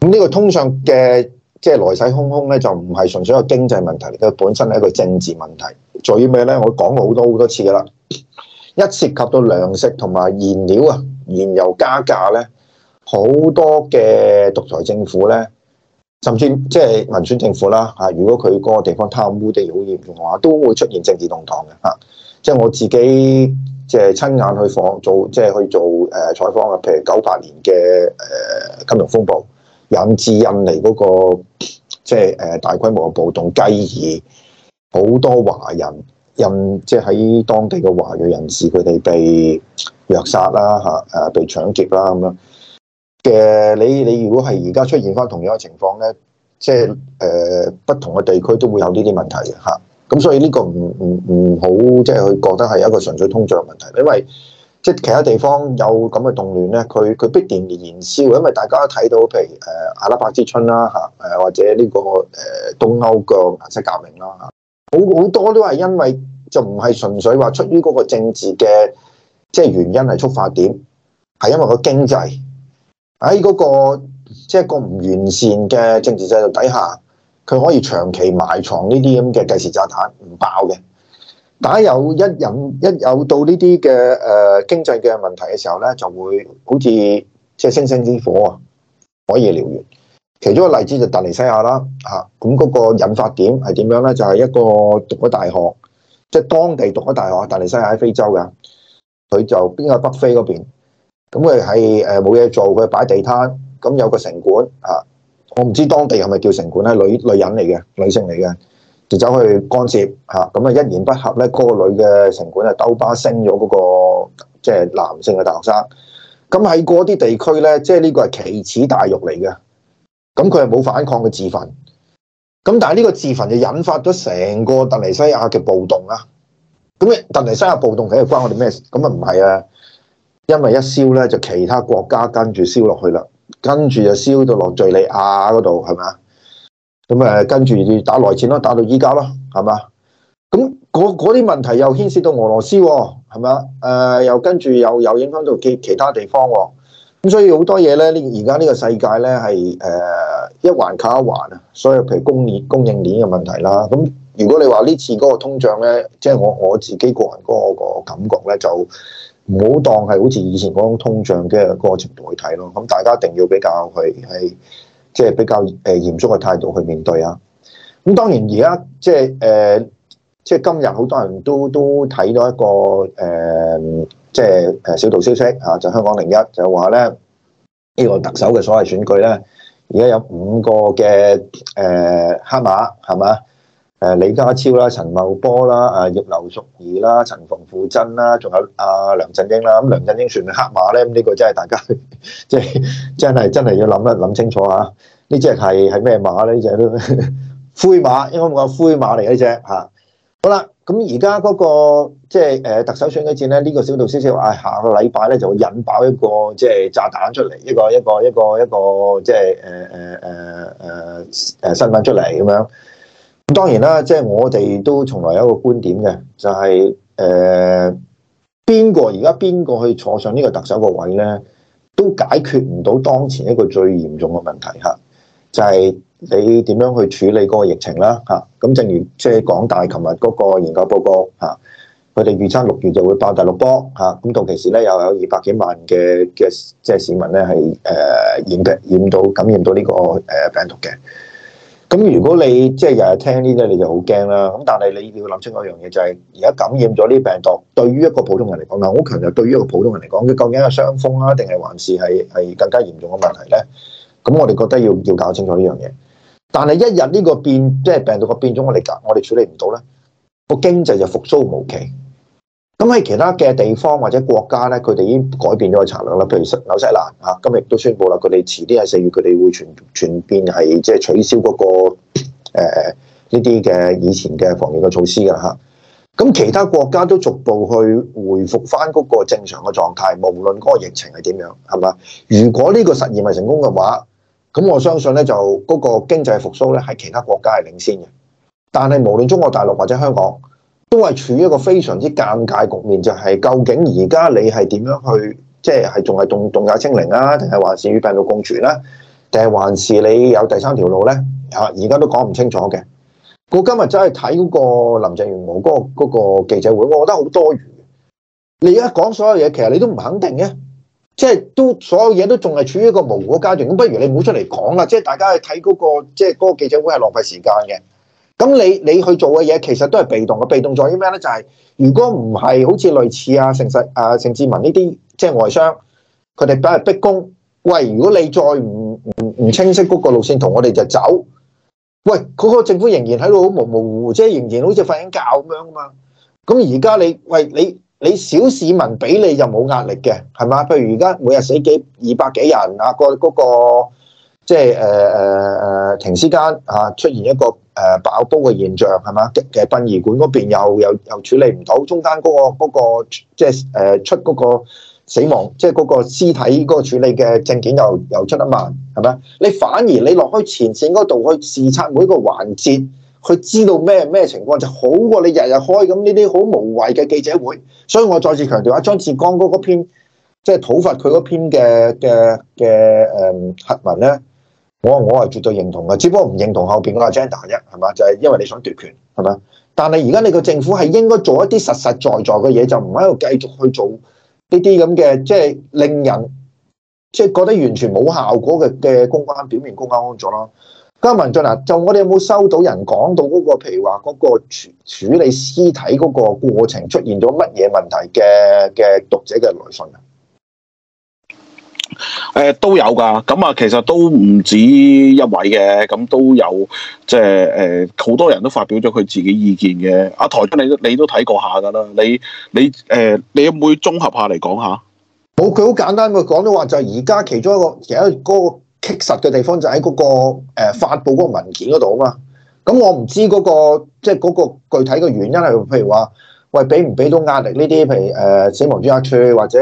咁呢個通脹嘅即係來勢洶洶咧，就唔係純粹一個經濟問題嚟嘅，本身係一個政治問題。最尾咧，我講過好多好多次㗎啦，一涉及到糧食同埋燃料啊，燃油加價咧，好多嘅獨裁政府咧。甚至即係民選政府啦，吓，如果佢嗰個地方貪污地好嚴重嘅話，都會出現政治動盪嘅吓。即係我自己即係親眼去訪做，即係去做誒採訪啊。譬如九八年嘅誒金融風暴，引致印尼嗰個即係誒大規模嘅暴動，繼而好多華人印即係喺當地嘅華裔人士，佢哋被虐殺啦吓，誒、啊啊、被搶劫啦咁樣。嘅，你你如果係而家出現翻同樣嘅情況咧，即係誒不同嘅地區都會有呢啲問題嚇。咁、啊、所以呢個唔唔唔好，即係佢覺得係一個純粹通脹問題，因為即係、就是、其他地方有咁嘅動亂咧，佢佢必然而燃燒，因為大家都睇到，譬如誒阿拉伯之春啦嚇，誒、啊啊、或者呢個誒東歐嘅顏色革命啦嚇，好、啊、好多都係因為就唔係純粹話出於嗰個政治嘅即係原因係觸發點，係因為個經濟。喺嗰、那個即係、就是、個唔完善嘅政治制度底下，佢可以長期埋藏呢啲咁嘅計時炸彈，唔爆嘅。但係有一日，一有到呢啲嘅誒經濟嘅問題嘅時候咧，就會好似即係星星之火啊，可以燎原。其中一個例子就突尼西亞啦，嚇咁嗰個引發點係點樣咧？就係、是、一個讀咗大學，即、就、係、是、當地讀咗大學，突尼西亞喺非洲嘅，佢就邊個北非嗰邊？咁佢係誒冇嘢做，佢擺地攤。咁有個城管吓，我唔知當地係咪叫城管咧，女女人嚟嘅女性嚟嘅，就走去干涉吓。咁啊一言不合咧，嗰、那個女嘅城管啊兜巴升咗嗰、那個即係、就是、男性嘅大學生。咁喺嗰啲地區咧，即係呢個係奇恥大辱嚟嘅。咁佢係冇反抗嘅自焚。咁但係呢個自焚就引發咗成個突尼西亞嘅暴動啊。咁突尼西亞暴動係關我哋咩事？咁啊唔係啊。因為一燒咧，就其他國家跟住燒落去啦，跟住就燒到落敘利亞嗰度，係咪啊？咁誒，跟住打內戰咯，打到依家咯，係嘛？咁嗰啲問題又牽涉到俄羅斯、哦，係嘛？誒、呃，又跟住又又影響到其其他地方、哦，咁所以好多嘢咧，呢而家呢個世界咧係誒一環扣一環啊，所以譬如供鏈、供應鏈嘅問題啦。咁如果你話呢次嗰個通脹咧，即、就、係、是、我我自己個人嗰個個感覺咧就。唔好當係好似以前嗰種通脹嘅過程度去睇咯，咁大家一定要比較佢係即係比較誒嚴肅嘅態度去面對啊！咁當然而家即係誒即係今日好多人都都睇到一個誒即係誒小道消息啊，就是、香港零一就話咧呢、這個特首嘅所謂選舉咧，而家有五個嘅誒、呃、黑馬係嘛？誒李家超啦、陳茂波啦、啊葉劉淑儀啦、陳馮富珍啦，仲有啊梁振英啦。咁梁振英算唔係黑馬咧？咁、這、呢個真係大家即 係真係真係要諗一諗清楚嚇。呢隻係係咩馬咧？呢隻都灰馬，因為我灰馬嚟嘅呢隻嚇。 好啦，咁而家嗰個即係誒特首選舉戰咧，呢、這個小道消息話下個禮拜咧就會引爆一個即係、就是、炸彈出嚟，一個一個一個一個即係誒誒誒誒新聞出嚟咁樣。當然啦，即、就、係、是、我哋都從來有一個觀點嘅，就係誒邊個而家邊個去坐上呢個特首個位咧，都解決唔到當前一個最嚴重嘅問題吓，就係、是、你點樣去處理嗰個疫情啦吓。咁、啊、正如即係港大琴日嗰個研究報告吓，佢哋預測六月就會爆第六波吓，咁、啊、到其時咧又有二百幾萬嘅嘅即係市民咧係誒染嘅染到感染到呢個誒病毒嘅。咁如果你即係、就是、日日聽呢啲，你就好驚啦。咁但係你要諗清楚一樣嘢、就是，就係而家感染咗呢病毒，對於一個普通人嚟講，嗱，我強調，對於一個普通人嚟講，佢究竟係傷風啊，定係還是係係更加嚴重嘅問題咧？咁我哋覺得要要搞清楚呢樣嘢。但係一日呢個變即係、就是、病毒個變種我，我哋搞我哋處理唔到咧，個經濟就復甦無期。咁喺其他嘅地方或者國家咧，佢哋已經改變咗個策略啦。譬如紐西蘭嚇，今日亦都宣布啦，佢哋遲啲喺四月佢哋會全全變係即係取消嗰個誒呢啲嘅以前嘅防疫嘅措施噶嚇。咁其他國家都逐步去回復翻嗰個正常嘅狀態，無論嗰個疫情係點樣，係嘛？如果呢個實驗係成功嘅話，咁我相信咧就嗰個經濟復甦咧係其他國家係領先嘅。但係無論中國大陸或者香港。都係處於一個非常之尷尬局面，就係、是、究竟而家你係點樣去，即係仲係動態清零啊，定係還是與病毒共存啦、啊，定係還是你有第三條路呢？啊，而家都講唔清楚嘅。我今日真係睇嗰個林鄭月娥嗰、那個嗰、那個、記者會，我覺得好多餘。你一講所有嘢，其實你都唔肯定嘅，即、就、係、是、都所有嘢都仲係處於一個模糊階段。咁不如你唔好出嚟講啦，即、就、係、是、大家去睇嗰即係嗰個記者會係浪費時間嘅。咁你你去做嘅嘢，其實都係被動嘅。被動在於咩咧？就係、是、如果唔係好似類似阿、啊、成實、阿、呃、盛智文呢啲即係外商，佢哋擺嚟逼宮。喂，如果你再唔唔唔清晰嗰個路線，同我哋就走。喂，嗰、那個政府仍然喺度模模糊糊，即係仍然好似瞓緊覺咁樣噶嘛。咁而家你喂你你，你小市民俾你就冇壓力嘅，係嘛？譬如而家每日死幾二百幾人啊，個、那、嗰個。那個即係誒誒誒，停屍間啊出現一個誒爆煲嘅現象，係嘛？其實殯儀館嗰邊又又又處理唔到中間、那個，中間嗰個個即係誒出個死亡，即係嗰個屍體嗰個處理嘅證件又又出得慢，係咪？你反而你落去前線嗰度去視察每一個環節，佢知道咩咩情況就好過你日日開咁呢啲好無謂嘅記者會。所以我再次強調啊，張志剛嗰嗰篇即係討伐佢嗰篇嘅嘅嘅誒核文咧。我我係絕對認同嘅，只不過唔認同後邊嗰個 agenda 啫，係嘛？就係、是、因為你想奪權，係咪？但係而家你個政府係應該做一啲實實在在嘅嘢，就唔喺度繼續去做呢啲咁嘅，即、就、係、是、令人即係、就是、覺得完全冇效果嘅嘅公關表面公關工作啦。嘉文俊嗱，就我哋有冇收到人講到嗰、那個，譬如話嗰個處理屍體嗰個過程出現咗乜嘢問題嘅嘅讀者嘅來信啊？誒，都有噶，咁啊，其實都唔止一位嘅，咁都有即係誒，好、呃、多人都發表咗佢自己意見嘅。阿台你，你都你都睇過下噶啦，你你誒、呃，你有冇綜合下嚟講下？冇，佢好簡單佢講咗話就係而家其中一個，其實嗰個棘實嘅地方就喺嗰個誒發佈嗰個文件嗰度啊嘛。咁我唔知嗰、嗰個即係嗰個具體嘅原因係，譬如話喂俾唔俾到壓力呢啲，譬如誒、呃、死亡專家區或者。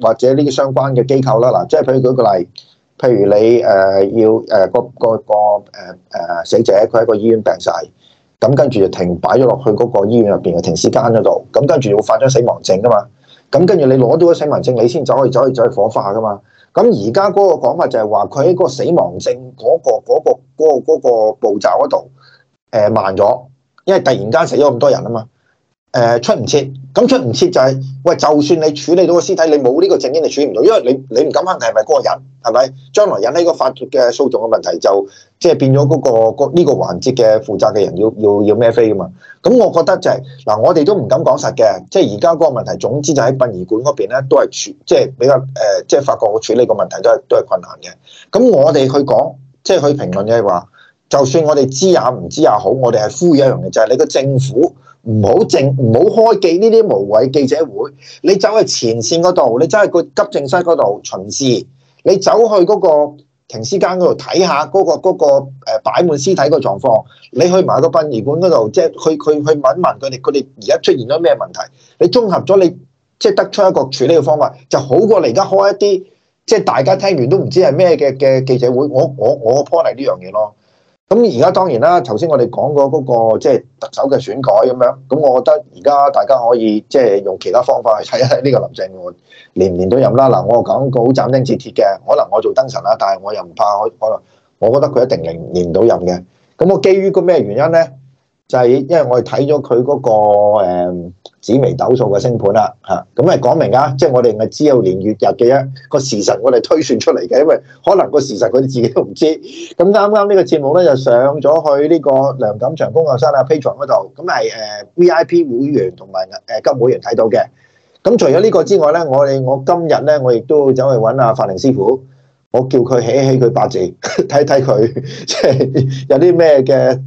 或者呢啲相關嘅機構啦，嗱，即係譬如舉個例，譬如你誒、呃、要誒個個個死者，佢喺個醫院病死，咁跟住就停擺咗落去嗰個醫院入邊嘅停屍間嗰度，咁跟住要發張死亡證噶嘛，咁跟住你攞到個死亡證，你先走去走去走去火化噶嘛，咁而家嗰個講法就係話，佢喺個死亡證嗰個嗰個嗰個嗰個步驟嗰度誒慢咗，因為突然間死咗咁多人啊嘛。誒出唔切，咁出唔切就係、是、喂，就算你處理到個屍體，你冇呢個證據，你處理唔到，因為你你唔敢肯定係咪嗰個人，係咪將來引起個法律嘅訴訟嘅問題，就即係變咗嗰、那個呢、這個環節嘅負責嘅人要要要孭飛噶嘛。咁我覺得就係、是、嗱，我哋都唔敢講實嘅，即係而家嗰個問題，總之就喺殯儀館嗰邊咧，都係處即係比較誒，即、呃、係、就是、發覺我處理個問題都係都係困難嘅。咁我哋去講，即、就、係、是、去評論嘅話，就算我哋知也唔知也好，我哋係呼籲一樣嘢，就係、是、你個政府。唔好淨，唔好開記呢啲無謂記者會，你走去前線嗰度，你走去個急症室嗰度巡視，你走去嗰個停屍間嗰度睇下嗰個嗰個誒擺滿屍體個狀況，你去埋個殯儀館嗰度，即係去去去問一問佢哋，佢哋而家出現咗咩問題，你綜合咗你即係得出一個處理嘅方法，就好過你而家開一啲即係大家聽完都唔知係咩嘅嘅記者會，我我我個 point 係呢樣嘢咯。咁而家當然啦，頭先我哋講過嗰、那個即係、就是、特首嘅選舉咁樣，咁我覺得而家大家可以即係、就是、用其他方法去睇一睇呢個林鄭連唔連到任啦。嗱，我講個好斬釘截鐵嘅，可能我做燈神啦，但係我又唔怕，可能我，我覺得佢一定連唔到任嘅。咁我基於個咩原因呢？就係、是、因為我哋睇咗佢嗰個誒。嗯紫微斗數嘅星盤啦，嚇咁係講明啊，即係、就是、我哋係只有年月日嘅一、那個時辰，我哋推算出嚟嘅，因為可能個時辰佢哋自己都唔知。咁啱啱呢個節目咧就上咗去呢個梁錦祥工作室啊 Patreon 嗰度，咁係誒 VIP 會員同埋誒金會員睇到嘅。咁除咗呢個之外咧，我哋我今日咧我亦都走去揾阿法靈師傅，我叫佢起起佢八字，睇睇佢即係有啲咩嘅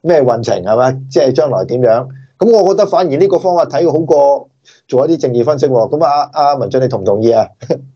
咩運程係嘛，即係、就是、將來點樣？咁我覺得反而呢個方法睇好過做一啲正義分析咁，啊阿、啊啊、文進你同唔同意啊？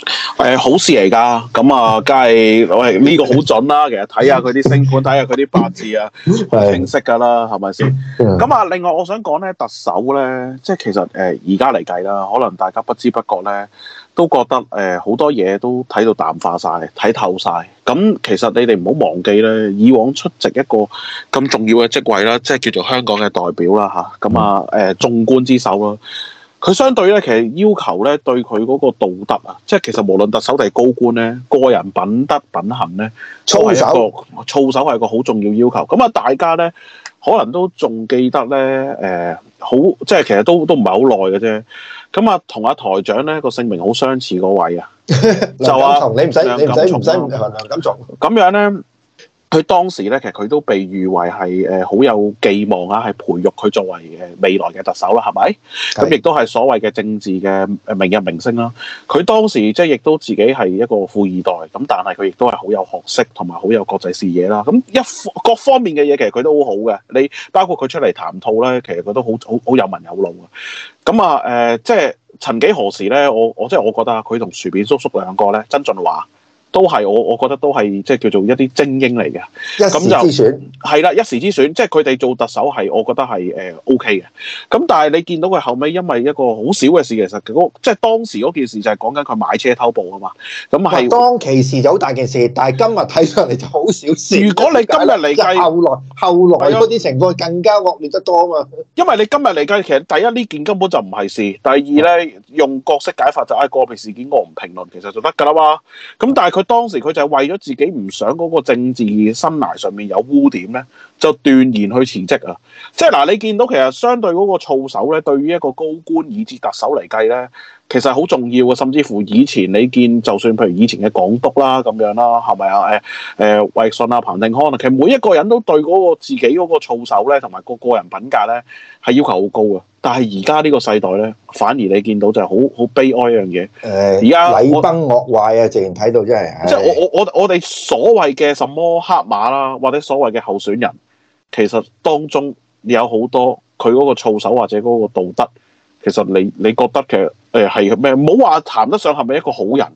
誒、呃，好事嚟噶，咁啊，梗係我呢個好準啦、啊。其實睇下佢啲星盤，睇下佢啲八字啊，好 清晰噶啦，係咪先？咁 啊，另外我想講咧，特首咧，即係其實誒，而家嚟計啦，可能大家不知不覺咧，都覺得誒，好、呃、多嘢都睇到淡化晒，睇透晒。咁其實你哋唔好忘記咧，以往出席一個咁重要嘅職位啦，即係叫做香港嘅代表啦，吓咁啊，誒、啊，眾、呃、官之首啦。 佢相對咧，其實要求咧，對佢嗰個道德啊，即係其實無論特首定係高官咧，個人品德品行咧，操守操守係個好重要要求。咁啊，大家咧，可能都仲記得咧，誒、呃，好即係其實都都唔係好耐嘅啫。咁啊，同阿台長咧個姓名好相似嗰位啊， 重就話說你唔使你唔使唔使唔使唔使唔佢當時咧，其實佢都被譽為係誒、呃、好有寄望啊，係培育佢作為誒未來嘅特首啦，係咪？咁亦是的 都係所謂嘅政治嘅誒明日明星啦、啊。佢當時即係亦都自己係一個富二代，咁但係佢亦都係好有學識同埋好有國際視野啦。咁一各方面嘅嘢，其實佢都好好嘅。你包括佢佢出嚟談吐咧，其實佢都好好有文有路啊。咁啊誒，即係曾幾何時咧，我我即係我覺得佢同薯片叔叔兩個咧，曾俊華。都係我，我覺得都係即係叫做一啲精英嚟嘅，咁就，一時之選係啦，一時之選，即係佢哋做特首係我覺得係誒 O K 嘅。咁、呃 OK、但係你見到佢後尾，因為一個好少嘅事，其實即係當時嗰件事就係講緊佢買車偷步啊嘛。咁係當其事當其時就好大件事，但係今日睇出嚟就好少事。如果你今日嚟計，後來後來嗰啲情況更加惡劣得多啊嘛，因，因為你今日嚟計，其實第一呢件根本就唔係事，第二咧、嗯、用角色解法就係個別事件，我唔評論，其實就得㗎啦嘛。咁但係佢。佢當時佢就係為咗自己唔想嗰個政治生涯上面有污點咧，就斷然去辭職啊！即係嗱，你見到其實相對嗰個操守咧，對於一個高官以至特首嚟計咧，其實好重要啊，甚至乎以前你見，就算譬如以前嘅港督啦咁樣啦，係咪啊？誒、欸、誒，衛奕信啊、彭定康啊，其實每一個人都對嗰個自己嗰個操守咧，同埋個個人品格咧，係要求好高啊。但係而家呢個世代咧，反而你見到就係好好悲哀一樣嘢。誒、呃，而家禮崩樂壞啊，直情睇到真係。即係、嗯、我我我哋所謂嘅什麼黑馬啦，或者所謂嘅候選人，其實當中有好多佢嗰個操守或者嗰個道德。其實你你覺得嘅誒係咩？唔好話談得上係咪一個好人？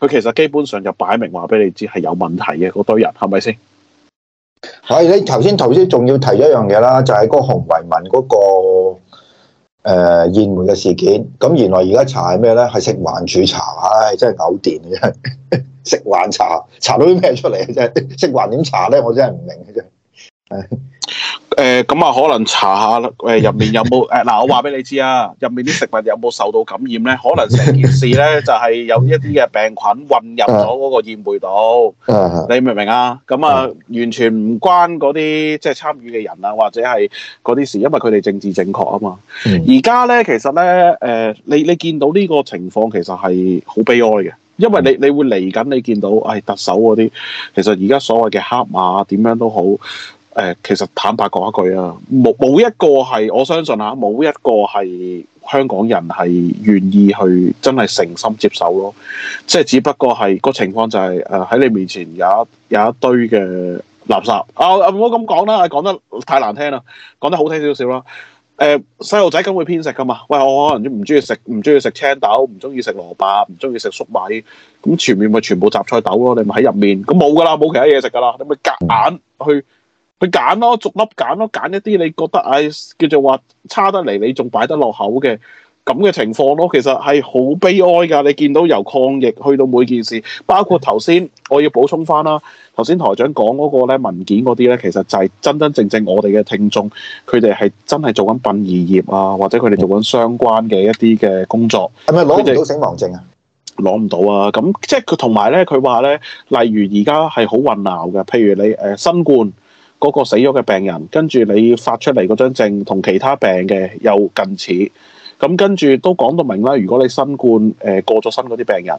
佢其實基本上就擺明話俾你知係有問題嘅嗰堆人，係咪先？係你頭先頭先仲要提一樣嘢啦，就係、是、嗰個洪為民嗰個誒宴會嘅事件。咁原來而家查係咩咧？係食環署查，唉、哎，真係嘔電啊！食環查查到啲咩出嚟啊？真係食環點查咧？我真係唔明嘅啫。哎誒，咁啊、呃，可能查下，誒、呃、入面有冇誒嗱，我話俾你知啊，入面啲食物有冇受到感染咧？可能成件事咧 就係有一啲嘅病菌混入咗嗰個宴會度， 你明唔明啊？咁啊，完全唔關嗰啲即係參與嘅人啊，或者係嗰啲事，因為佢哋政治正確啊嘛。而家咧，其實咧，誒、呃，你你見到呢個情況，其實係好悲哀嘅，因為你、嗯、你會嚟緊，你見到，誒、哎，特首嗰啲，其實而家所謂嘅黑馬點樣都好。誒，其實坦白講一句啊，冇冇一個係我相信啊，冇一個係香港人係願意去真係誠心接受咯。即係只不過係、個情況就係誒喺你面前有一有一堆嘅垃圾啊！唔好咁講啦，講得太難聽啦，講得好聽少少啦。誒、呃，細路仔咁會偏食噶嘛？喂，我可能唔中意食唔中意食青豆，唔中意食蘿蔔，唔中意食粟米，咁全面咪全部雜菜豆咯？你咪喺入面，咁冇噶啦，冇其他嘢食噶啦，你咪夾硬去。佢揀咯，逐粒揀咯，揀一啲你覺得唉叫做話差得嚟，你仲擺得落口嘅咁嘅情況咯。其實係好悲哀噶。你見到由抗疫去到每件事，包括頭先我要補充翻啦，頭先台長講嗰個咧文件嗰啲咧，其實就係真真正正我哋嘅聽眾，佢哋係真係做緊殯儀業啊，或者佢哋做緊相關嘅一啲嘅工作，係咪攞唔到死亡證啊？攞唔到啊！咁即係佢同埋咧，佢話咧，例如而家係好混淆嘅，譬如你誒、呃、新冠。嗰個死咗嘅病人，跟住你發出嚟嗰張證同其他病嘅又近似，咁跟住都講到明啦。如果你新冠誒、呃、過咗身嗰啲病人，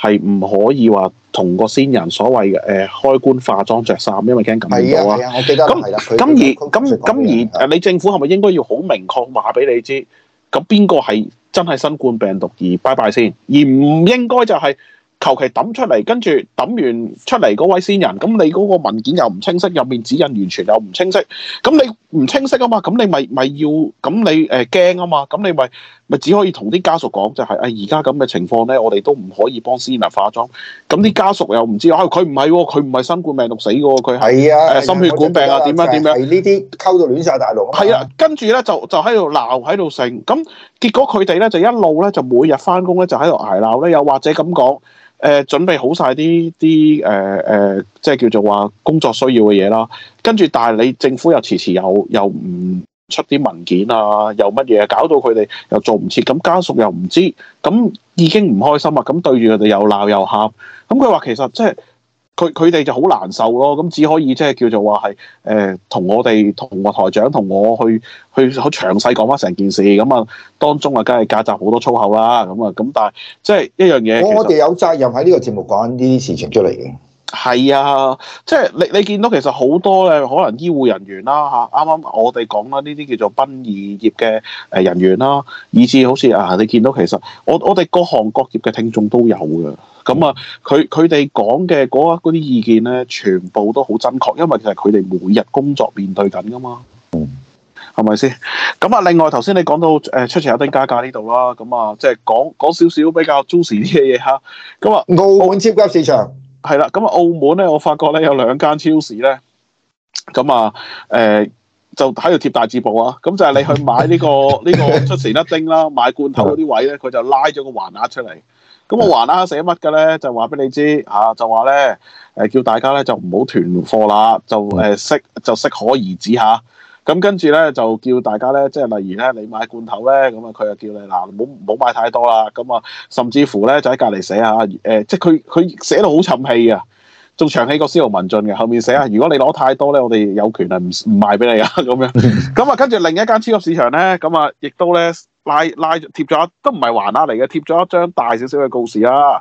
係唔可以話同個先人所謂嘅誒、呃、開棺化妝着衫，因為驚感染到啊。咁咁、啊跟啊、而咁咁而誒，啊、你政府係咪應該要好明確話俾你知？咁邊個係真係新冠病毒而拜拜先，而唔應該就係、是。求其抌出嚟，跟住抌完出嚟嗰位先人，咁你嗰個文件又唔清晰，入面指引完全又唔清晰，咁你唔清晰啊嘛，咁你咪咪要，咁你誒驚啊嘛，咁你咪。咪只可以同啲家屬講，就係、是，唉、哎，而家咁嘅情況咧，我哋都唔可以幫屍身化妝。咁啲家屬又唔知道，啊、哎，佢唔係，佢唔係新冠病毒死嘅，佢係，啊，誒、呃，心血管病啊，點啊，點樣？係呢啲溝到亂晒大龍。係啊，跟住咧就就喺度鬧，喺度成。咁結果佢哋咧就一路咧就每日返工咧就喺度捱鬧咧，又或者咁講，誒、呃，準備好晒啲啲誒誒，即係叫做話工作需要嘅嘢啦。跟住但係你政府又遲遲有。又唔。又出啲文件啊，又乜嘢，搞到佢哋又做唔切，咁家屬又唔知，咁已經唔開心啊，咁對住佢哋又鬧又喊，咁佢話其實即係佢佢哋就好難受咯，咁只可以即係叫做話係誒同我哋同我台長同我去去好詳細講翻成件事，咁啊當中啊梗係夾雜好多粗口啦，咁啊咁但係即係一樣嘢，哦，我哋有責任喺呢個節目講呢啲事情出嚟嘅。係啊，即係你你見到其實好多咧，可能醫護人員啦嚇，啱、啊、啱我哋講啦，呢啲叫做殯儀業嘅誒人員啦，以至好似啊，你見到其實我我哋各行各業嘅聽眾都有嘅，咁啊佢佢哋講嘅嗰啲意見咧，全部都好真確，因為其實佢哋每日工作面對緊噶嘛，嗯，係咪先？咁啊，另外頭先你講到誒、呃、出場有丁加價呢度啦，咁啊，即係講講少少比較 juicy 啲嘅嘢嚇，咁啊，澳門超級市場。係啦，咁啊，澳門咧，我發覺咧有兩間超市咧，咁啊，誒、呃、就喺度貼大字報啊，咁就係你去買呢、呢個呢 個出前一丁啦，買罐頭嗰啲位咧，佢就拉咗個橫額出嚟。咁個橫額寫乜嘅咧？就話俾你知嚇、啊，就話咧誒，叫大家咧就唔好囤貨啦，就誒適、呃、就適可而止嚇。啊咁跟住咧就叫大家咧，即係例如咧，你買罐頭咧，咁啊佢就叫你嗱，唔好唔好買太多啦，咁啊，甚至乎咧就喺隔離寫吓，誒，即係佢佢寫到好沉氣啊，仲長氣過司徒文進嘅，後面寫吓，如果你攞太多咧，我哋有權係唔唔賣俾你啊，咁樣，咁啊跟住另一間超級市場咧，咁啊亦都咧拉拉貼咗，都唔係橫額嚟嘅，貼咗一張大少少嘅告示啊。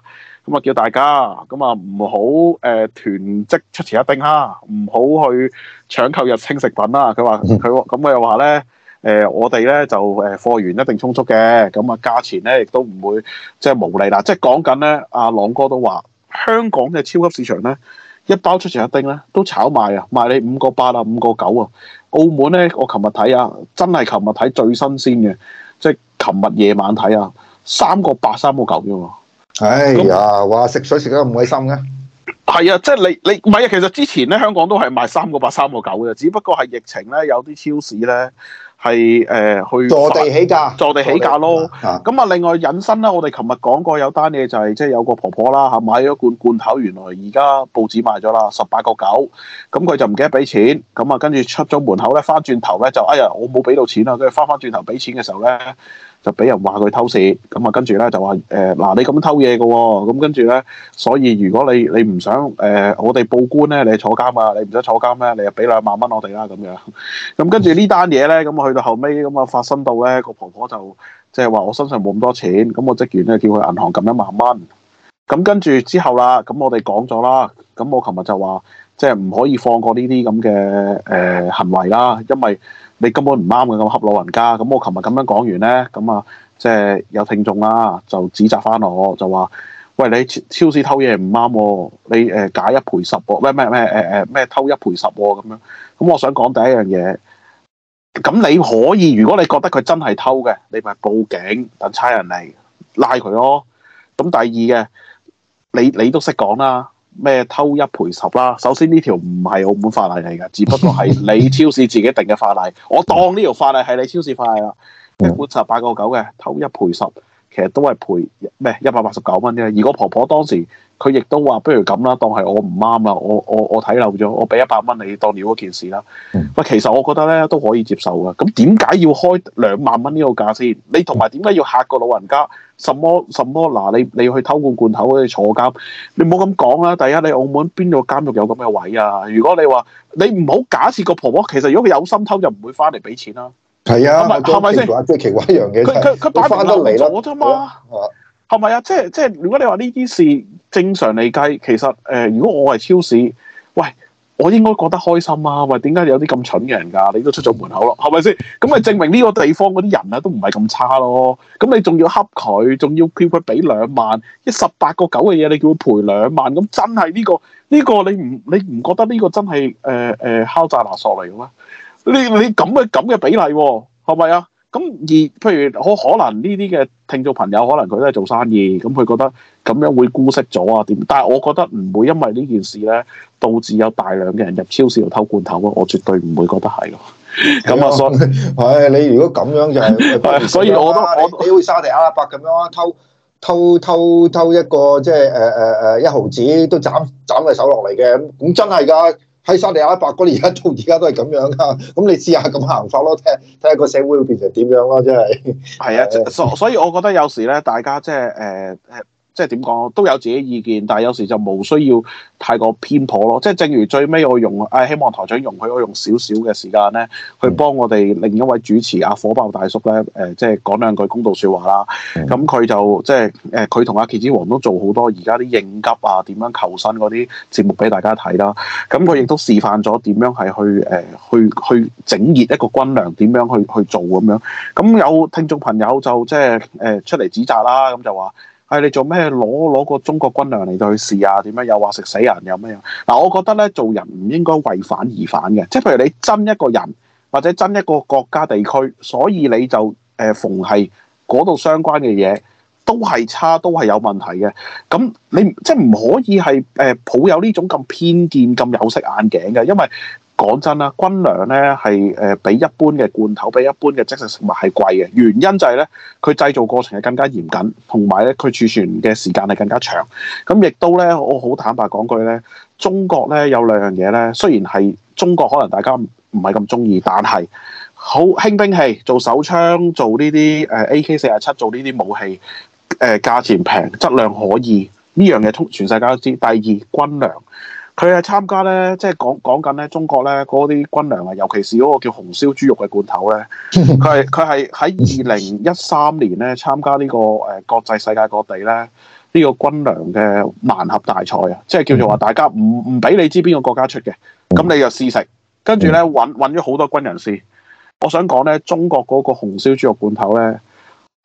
咁啊，叫大家咁、呃、啊，唔好誒囤積出前一丁哈，唔好去搶購日清食品啦、啊。佢話佢咁佢又話咧誒，我哋咧就誒、呃、貨源一定充足嘅，咁啊價錢咧亦都唔會即係無利啦。即係講緊咧，阿、就、朗、是啊、哥都話香港嘅超級市場咧，一包出前一丁咧都炒賣啊，賣你五個八啊，五個九啊。澳門咧，我琴日睇啊，真係琴日睇最新鮮嘅，即係琴日夜晚睇啊，三個八三個九啫喎。哎呀，話食水食得唔開心嘅，係啊，即係你你唔係啊，其實之前咧香港都係賣三個八三個九嘅，只不過係疫情咧有啲超市咧係誒去坐地起價，坐地起價咯。咁啊地，啦另外引申啦，我哋琴日講過有單嘢就係即係有個婆婆啦吓，買咗罐罐頭，原來而家報紙賣咗啦十八個九，咁佢就唔記得俾錢，咁啊跟住出咗門口咧，翻轉頭咧就哎呀我冇俾到錢啊，跟住翻翻轉頭俾錢嘅時候咧。就俾人話佢偷竊，咁啊跟住咧就話誒嗱你咁樣偷嘢嘅喎，咁跟住咧，所以如果你你唔想誒我哋報官咧，你坐監啊，你唔想坐監咧，你就俾兩萬蚊我哋啦咁樣。咁跟住呢單嘢咧，咁啊去到後尾咁啊發生到咧個婆婆就即係話我身上冇咁多錢，咁我職員咧叫佢銀行撳一萬蚊。咁跟住之後啦，咁我哋講咗啦，咁我琴日就話即係唔可以放過呢啲咁嘅誒行為啦，因為。你根本唔啱嘅咁恰老人家，咁我琴日咁樣講完咧，咁啊即係有聽眾啦、啊，就指責返我就話：喂，你超市偷嘢唔啱，你誒、呃、假一賠十喎、啊，咩咩唔係咩偷一賠十喎、啊、咁樣。咁我想講第一樣嘢，咁你可以如果你覺得佢真係偷嘅，你咪報警，等差人嚟拉佢咯。咁第二嘅，你你都識講啦。咩偷一賠十啦？首先呢條唔係澳門法例嚟嘅，只不過係你超市自己定嘅法例。我當呢條法例係你超市法例啦，一般十八個九嘅偷一賠十。其實都係賠咩一百八十九蚊啫。如果婆婆當時佢亦都話，不如咁啦，當係我唔啱啊，我我我睇漏咗，我俾一百蚊你當了嗰件事啦。喂，其實我覺得咧都可以接受噶。咁點解要開兩萬蚊呢個價先？你同埋點解要嚇個老人家？什麼什麼嗱、啊？你你去偷罐罐頭，你坐監？你唔好咁講啦。第一，你澳門邊個監獄有咁嘅位啊？如果你話你唔好假設個婆婆，其實如果佢有心偷就、啊，就唔會翻嚟俾錢啦。係啊是，係咪先？即係奇怪一樣嘢，佢佢佢翻得嚟啦，啫嘛。係咪是嗎 啊？即係即係，如果你話呢啲事正常嚟計，其實誒、呃，如果我係超市，喂，我應該覺得開心啊！喂，點解有啲咁蠢嘅人噶？你都出咗門口咯，係咪先？咁咪證明呢個地方嗰啲人咧都唔係咁差咯。咁你仲要恰佢，仲要叫佢俾兩萬，一十八個九嘅嘢，你叫佢賠兩萬，咁真係呢個呢個你唔你唔覺得呢個真係誒誒敲詐勒索嚟嘅咩？你你咁嘅咁嘅比例喎、哦，係咪啊？咁而譬如可可能呢啲嘅聽眾朋友可能佢都係做生意，咁佢覺得咁樣會姑息咗啊？點？但係我覺得唔會因為呢件事咧導致有大量嘅人入超市度偷罐頭咯。我絕對唔會覺得係咯。咁啊，所係你如果咁樣就係，所以我都我你會 沙地阿拉伯咁樣啊，偷偷偷偷一個即係誒誒誒一毫子都斬斬隻手落嚟嘅，咁真係㗎。喺薩利亞伯哥，而家到而家都係咁樣噶，咁你試下咁行法咯，睇睇下個社會會變成點樣咯，真係。係啊，所所以，我覺得有時咧，大家即係誒誒。呃即係點講都有自己意見，但係有時就冇需要太過偏頗咯。即係正如最尾我用，誒、哎、希望台長容許我用少少嘅時間咧，去幫我哋另一位主持啊，火爆大叔咧，誒即係講兩句公道說話啦。咁、嗯、佢、嗯嗯、就即係誒，佢同阿蠍子王都做好多而家啲應急啊，點樣求生嗰啲節目俾大家睇啦。咁佢亦都示範咗點樣係去誒、呃，去去，去整熱一個軍糧，點樣去去做咁樣。咁有、嗯嗯、聽眾朋友就即係誒出嚟指責啦，咁就話。係、哎、你做咩攞攞個中國軍糧嚟到去試啊？點樣又話食死人又咩？嗱，我覺得咧做人唔應該為反而反嘅，即係譬如你憎一個人或者憎一個國家地區，所以你就誒、呃、逢係嗰度相關嘅嘢都係差，都係有問題嘅。咁你即係唔可以係誒、呃、抱有呢種咁偏見、咁有色眼鏡嘅，因為。講真啦，軍糧呢係誒、呃、比一般嘅罐頭、比一般嘅即食食物係貴嘅，原因就係呢，佢製造過程係更加嚴謹，同埋呢佢儲存嘅時間係更加長。咁亦都呢，我好坦白講句呢，中國呢有兩樣嘢呢。雖然係中國可能大家唔係咁中意，但係好輕兵器做手槍、做呢啲誒 AK 四七、47，做呢啲武器，誒、呃、價錢平、質量可以呢樣嘢，通全世界都知。第二軍糧。佢係參加咧，即係講講緊咧，中國咧嗰啲軍糧啊，尤其是嗰個叫紅燒豬肉嘅罐頭咧，佢係佢係喺二零一三年咧參加呢、呢個誒、呃、國際世界各地咧呢、呢個軍糧嘅盲盒大賽啊，即係叫做話大家唔唔俾你知邊個國家出嘅，咁你就試食，跟住咧揾揾咗好多軍人試。我想講咧，中國嗰個紅燒豬肉罐頭咧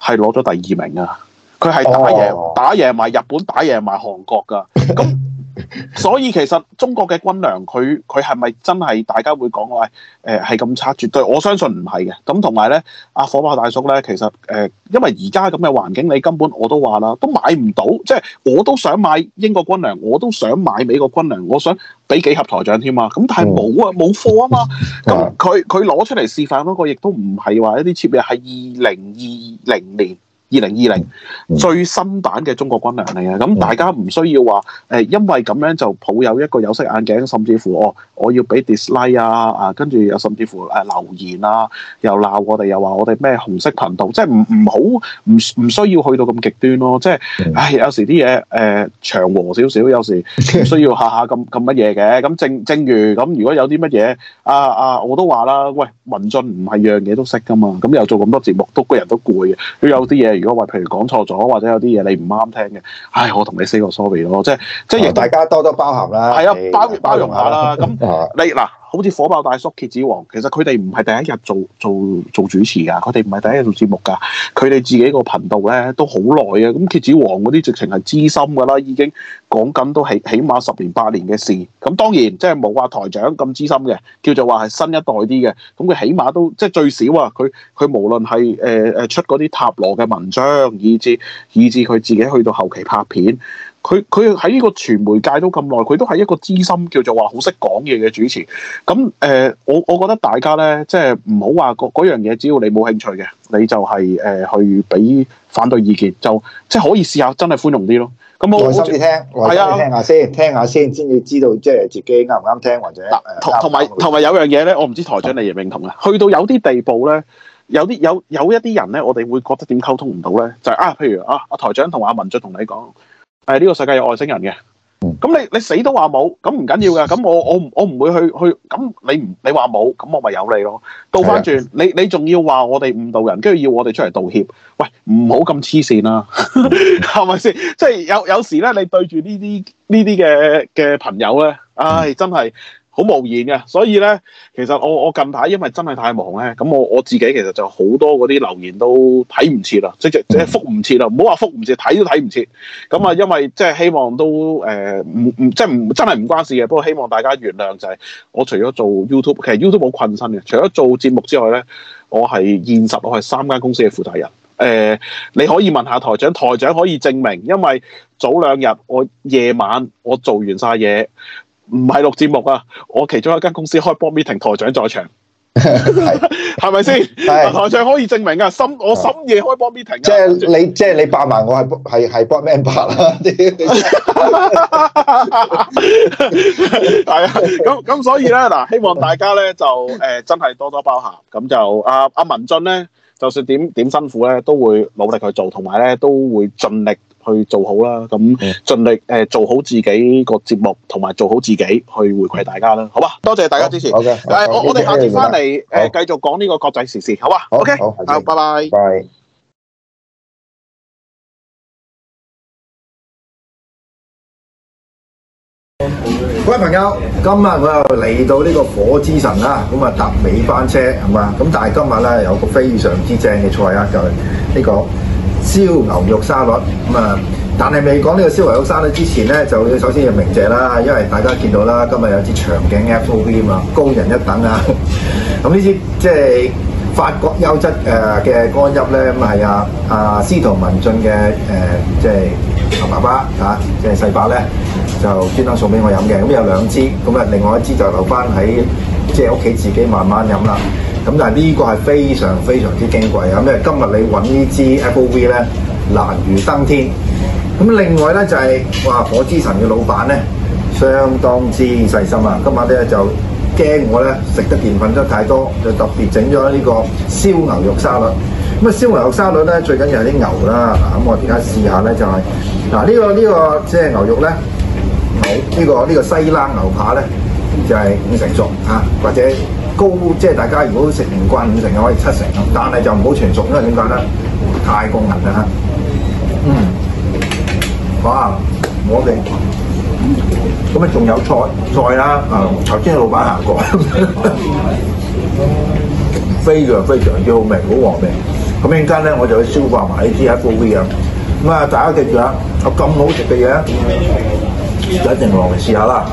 係攞咗第二名啊！佢係打贏打贏埋日本，打贏埋韓國噶咁。 所以其實中國嘅軍糧佢佢係咪真係大家會講話誒係咁差？絕對我相信唔係嘅。咁同埋咧，阿、啊、火炮大叔咧，其實誒、呃，因為而家咁嘅環境，你根本我都話啦，都買唔到。即係我都想買英國軍糧，我都想買美國軍糧，我想俾幾盒台長添啊。咁但係冇啊，冇貨啊嘛。咁佢佢攞出嚟示範嗰個，亦都唔係話一啲設備，係二零二零年。二零二零最新版嘅中國軍糧嚟嘅，咁大家唔需要話誒、呃，因為咁樣就抱有一個有色眼鏡，甚至乎哦，我要俾 dislike 啊，啊跟住又甚至乎誒、啊、留言啊，又鬧我哋，又話我哋咩紅色頻道，即係唔唔好，唔唔需要去到咁極端咯、啊，即係唉、哎，有時啲嘢誒長和少少，有時唔需要下下咁咁乜嘢嘅，咁正正如咁，如果有啲乜嘢啊啊，我都話啦，喂，文進唔係樣嘢都識噶嘛，咁又做咁多節目，都個人都攰嘅，有啲嘢。如果話譬如講錯咗，或者有啲嘢你唔啱聽嘅，唉，我同你 say 個 sorry 咯，即係即係要大家多多包涵啦，係啊，包包容下啦，咁你嗱。好似火爆大叔、蠍子王，其實佢哋唔係第一日做做做主持噶，佢哋唔係第一日做節目噶，佢哋自己個頻道咧都好耐嘅。咁蠍子王嗰啲直情係資深噶啦，已經講緊都起起碼十年八年嘅事。咁當然即係冇話台長咁資深嘅，叫做話係新一代啲嘅。咁佢起碼都即係最少啊！佢佢無論係誒誒出嗰啲塔羅嘅文章，以至以至佢自己去到後期拍片。佢佢喺呢個傳媒界都咁耐，佢都係一個資深叫做話好識講嘢嘅主持。咁誒，我我覺得大家咧，即係唔好話嗰樣嘢，只要你冇興趣嘅，你就係誒去俾反對意見，就即係可以試下真係寬容啲咯。咁我耐心你聽，係啊，聽下先，聽下先，先至知道即係自己啱唔啱聽或者同埋同埋有樣嘢咧，我唔知台長你認唔認同啊？去到有啲地步咧，有啲有有一啲人咧，我哋會覺得點溝通唔到咧？就係啊，譬如啊，阿台長同阿文進同你講。係呢個世界有外星人嘅，咁你你死都話冇，咁唔緊要噶，咁我我我唔會去去，咁你唔你話冇，咁我咪有你咯，倒翻轉，的你你仲要話我哋誤導人，跟住要我哋出嚟道歉，喂，唔好咁黐線啦，係咪先？即係 有有時咧，你對住呢啲呢啲嘅嘅朋友咧，唉、哎，真係。好無言嘅，所以咧，其實我我近排因為真係太忙咧，咁我我自己其實就好多嗰啲留言都睇唔切啦，即即即覆唔切啦，唔好話覆唔切，睇都睇唔切。咁、嗯、啊，因為即希望都誒唔唔即唔真係唔關事嘅，不過希望大家原諒就係我除咗做 YouTube，其實 YouTube 冇困身嘅，除咗做節目之外咧，我係現實我係三間公司嘅負責人。誒、呃，你可以問下台長，台長可以證明，因為早兩日我夜晚我做完晒嘢。唔係錄節目啊！我其中一間公司開 board meeting，台長在場，係咪先？台長可以證明啊。深我深夜開 board meeting。即係你，即係你扮埋，我係係係 board member 啦。係啊，咁咁所以咧，嗱，希望大家咧就誒，真係多多包涵。咁就阿阿文俊咧，就算點點辛苦咧，都會努力去做，同埋咧都會盡力。去做好啦，咁盡力誒做好自己個節目，同埋做好自己去回饋大家啦，好吧，多謝大家支持。好嘅，我我哋下次翻嚟誒繼續講呢個國際時事，好吧？好嘅 okay? Okay, okay,，好，拜拜。各位朋友，今日我又嚟到呢個火之神啦，咁啊搭尾班車係嘛？咁但係今日咧有個非常之正嘅菜啊，就係呢個。燒牛肉沙律咁啊、嗯！但係未講呢個燒牛肉沙律之前咧，就首先要鳴謝啦，因為大家見到啦，今日有支長頸 F.O.V. 嘛，高人一等啊！咁、嗯、呢支即係、就是、法國優質誒嘅乾邑咧，咁、呃、係啊啊，司徒文進嘅誒即係阿爸爸啊，即係細伯咧，就專登送俾我飲嘅。咁、嗯、有兩支，咁啊，另外一支就留翻喺即係屋企自己慢慢飲啦。咁但係呢個係非常非常之矜貴啊！因為今日你揾呢支 Apple V 咧，難如登天。咁另外咧就係哇，火之神嘅老闆咧，相當之細心啊！今日咧就驚我咧食得澱粉質太多，就特別整咗呢個燒牛肉沙律。咁啊，燒牛肉沙律咧，最緊要係啲牛啦。咁我而家試下咧？就係嗱，呢個呢個即係牛肉咧，好，呢個呢個西冷牛排咧就係五成熟嚇，或者。高即係大家如果食唔慣五成，可以七成，但係就唔好全熟，因為點解咧？太過硬啦！嗯，哇，我哋咁啊，仲有菜菜啦啊！頭先老闆行過，非常非常之好味，好和味。咁一陣間咧，我就去消化埋呢啲喺庫 v 嘅。咁啊，大家記住啦，有咁好食嘅嘢，一定落嚟試下啦。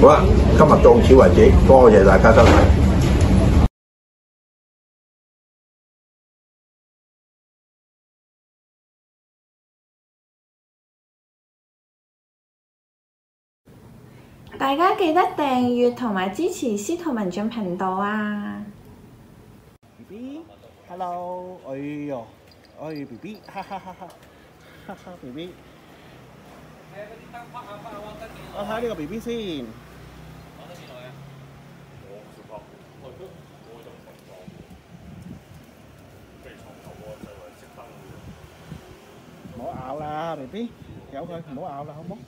好啦，今日到此為止，多謝大家收睇。大家記得訂閱同埋支持司徒文進頻道啊！B B，hello，哎呦，哎，B B，哈哈哈，哈哈，B B。我睇呢個 B B 先。我唔識發，我唔識，我喺度瞓覺嘅。飛牀頭嗰陣時熄燈嘅。我 out 啦，B B，有佢，唔好咬啦，好冇？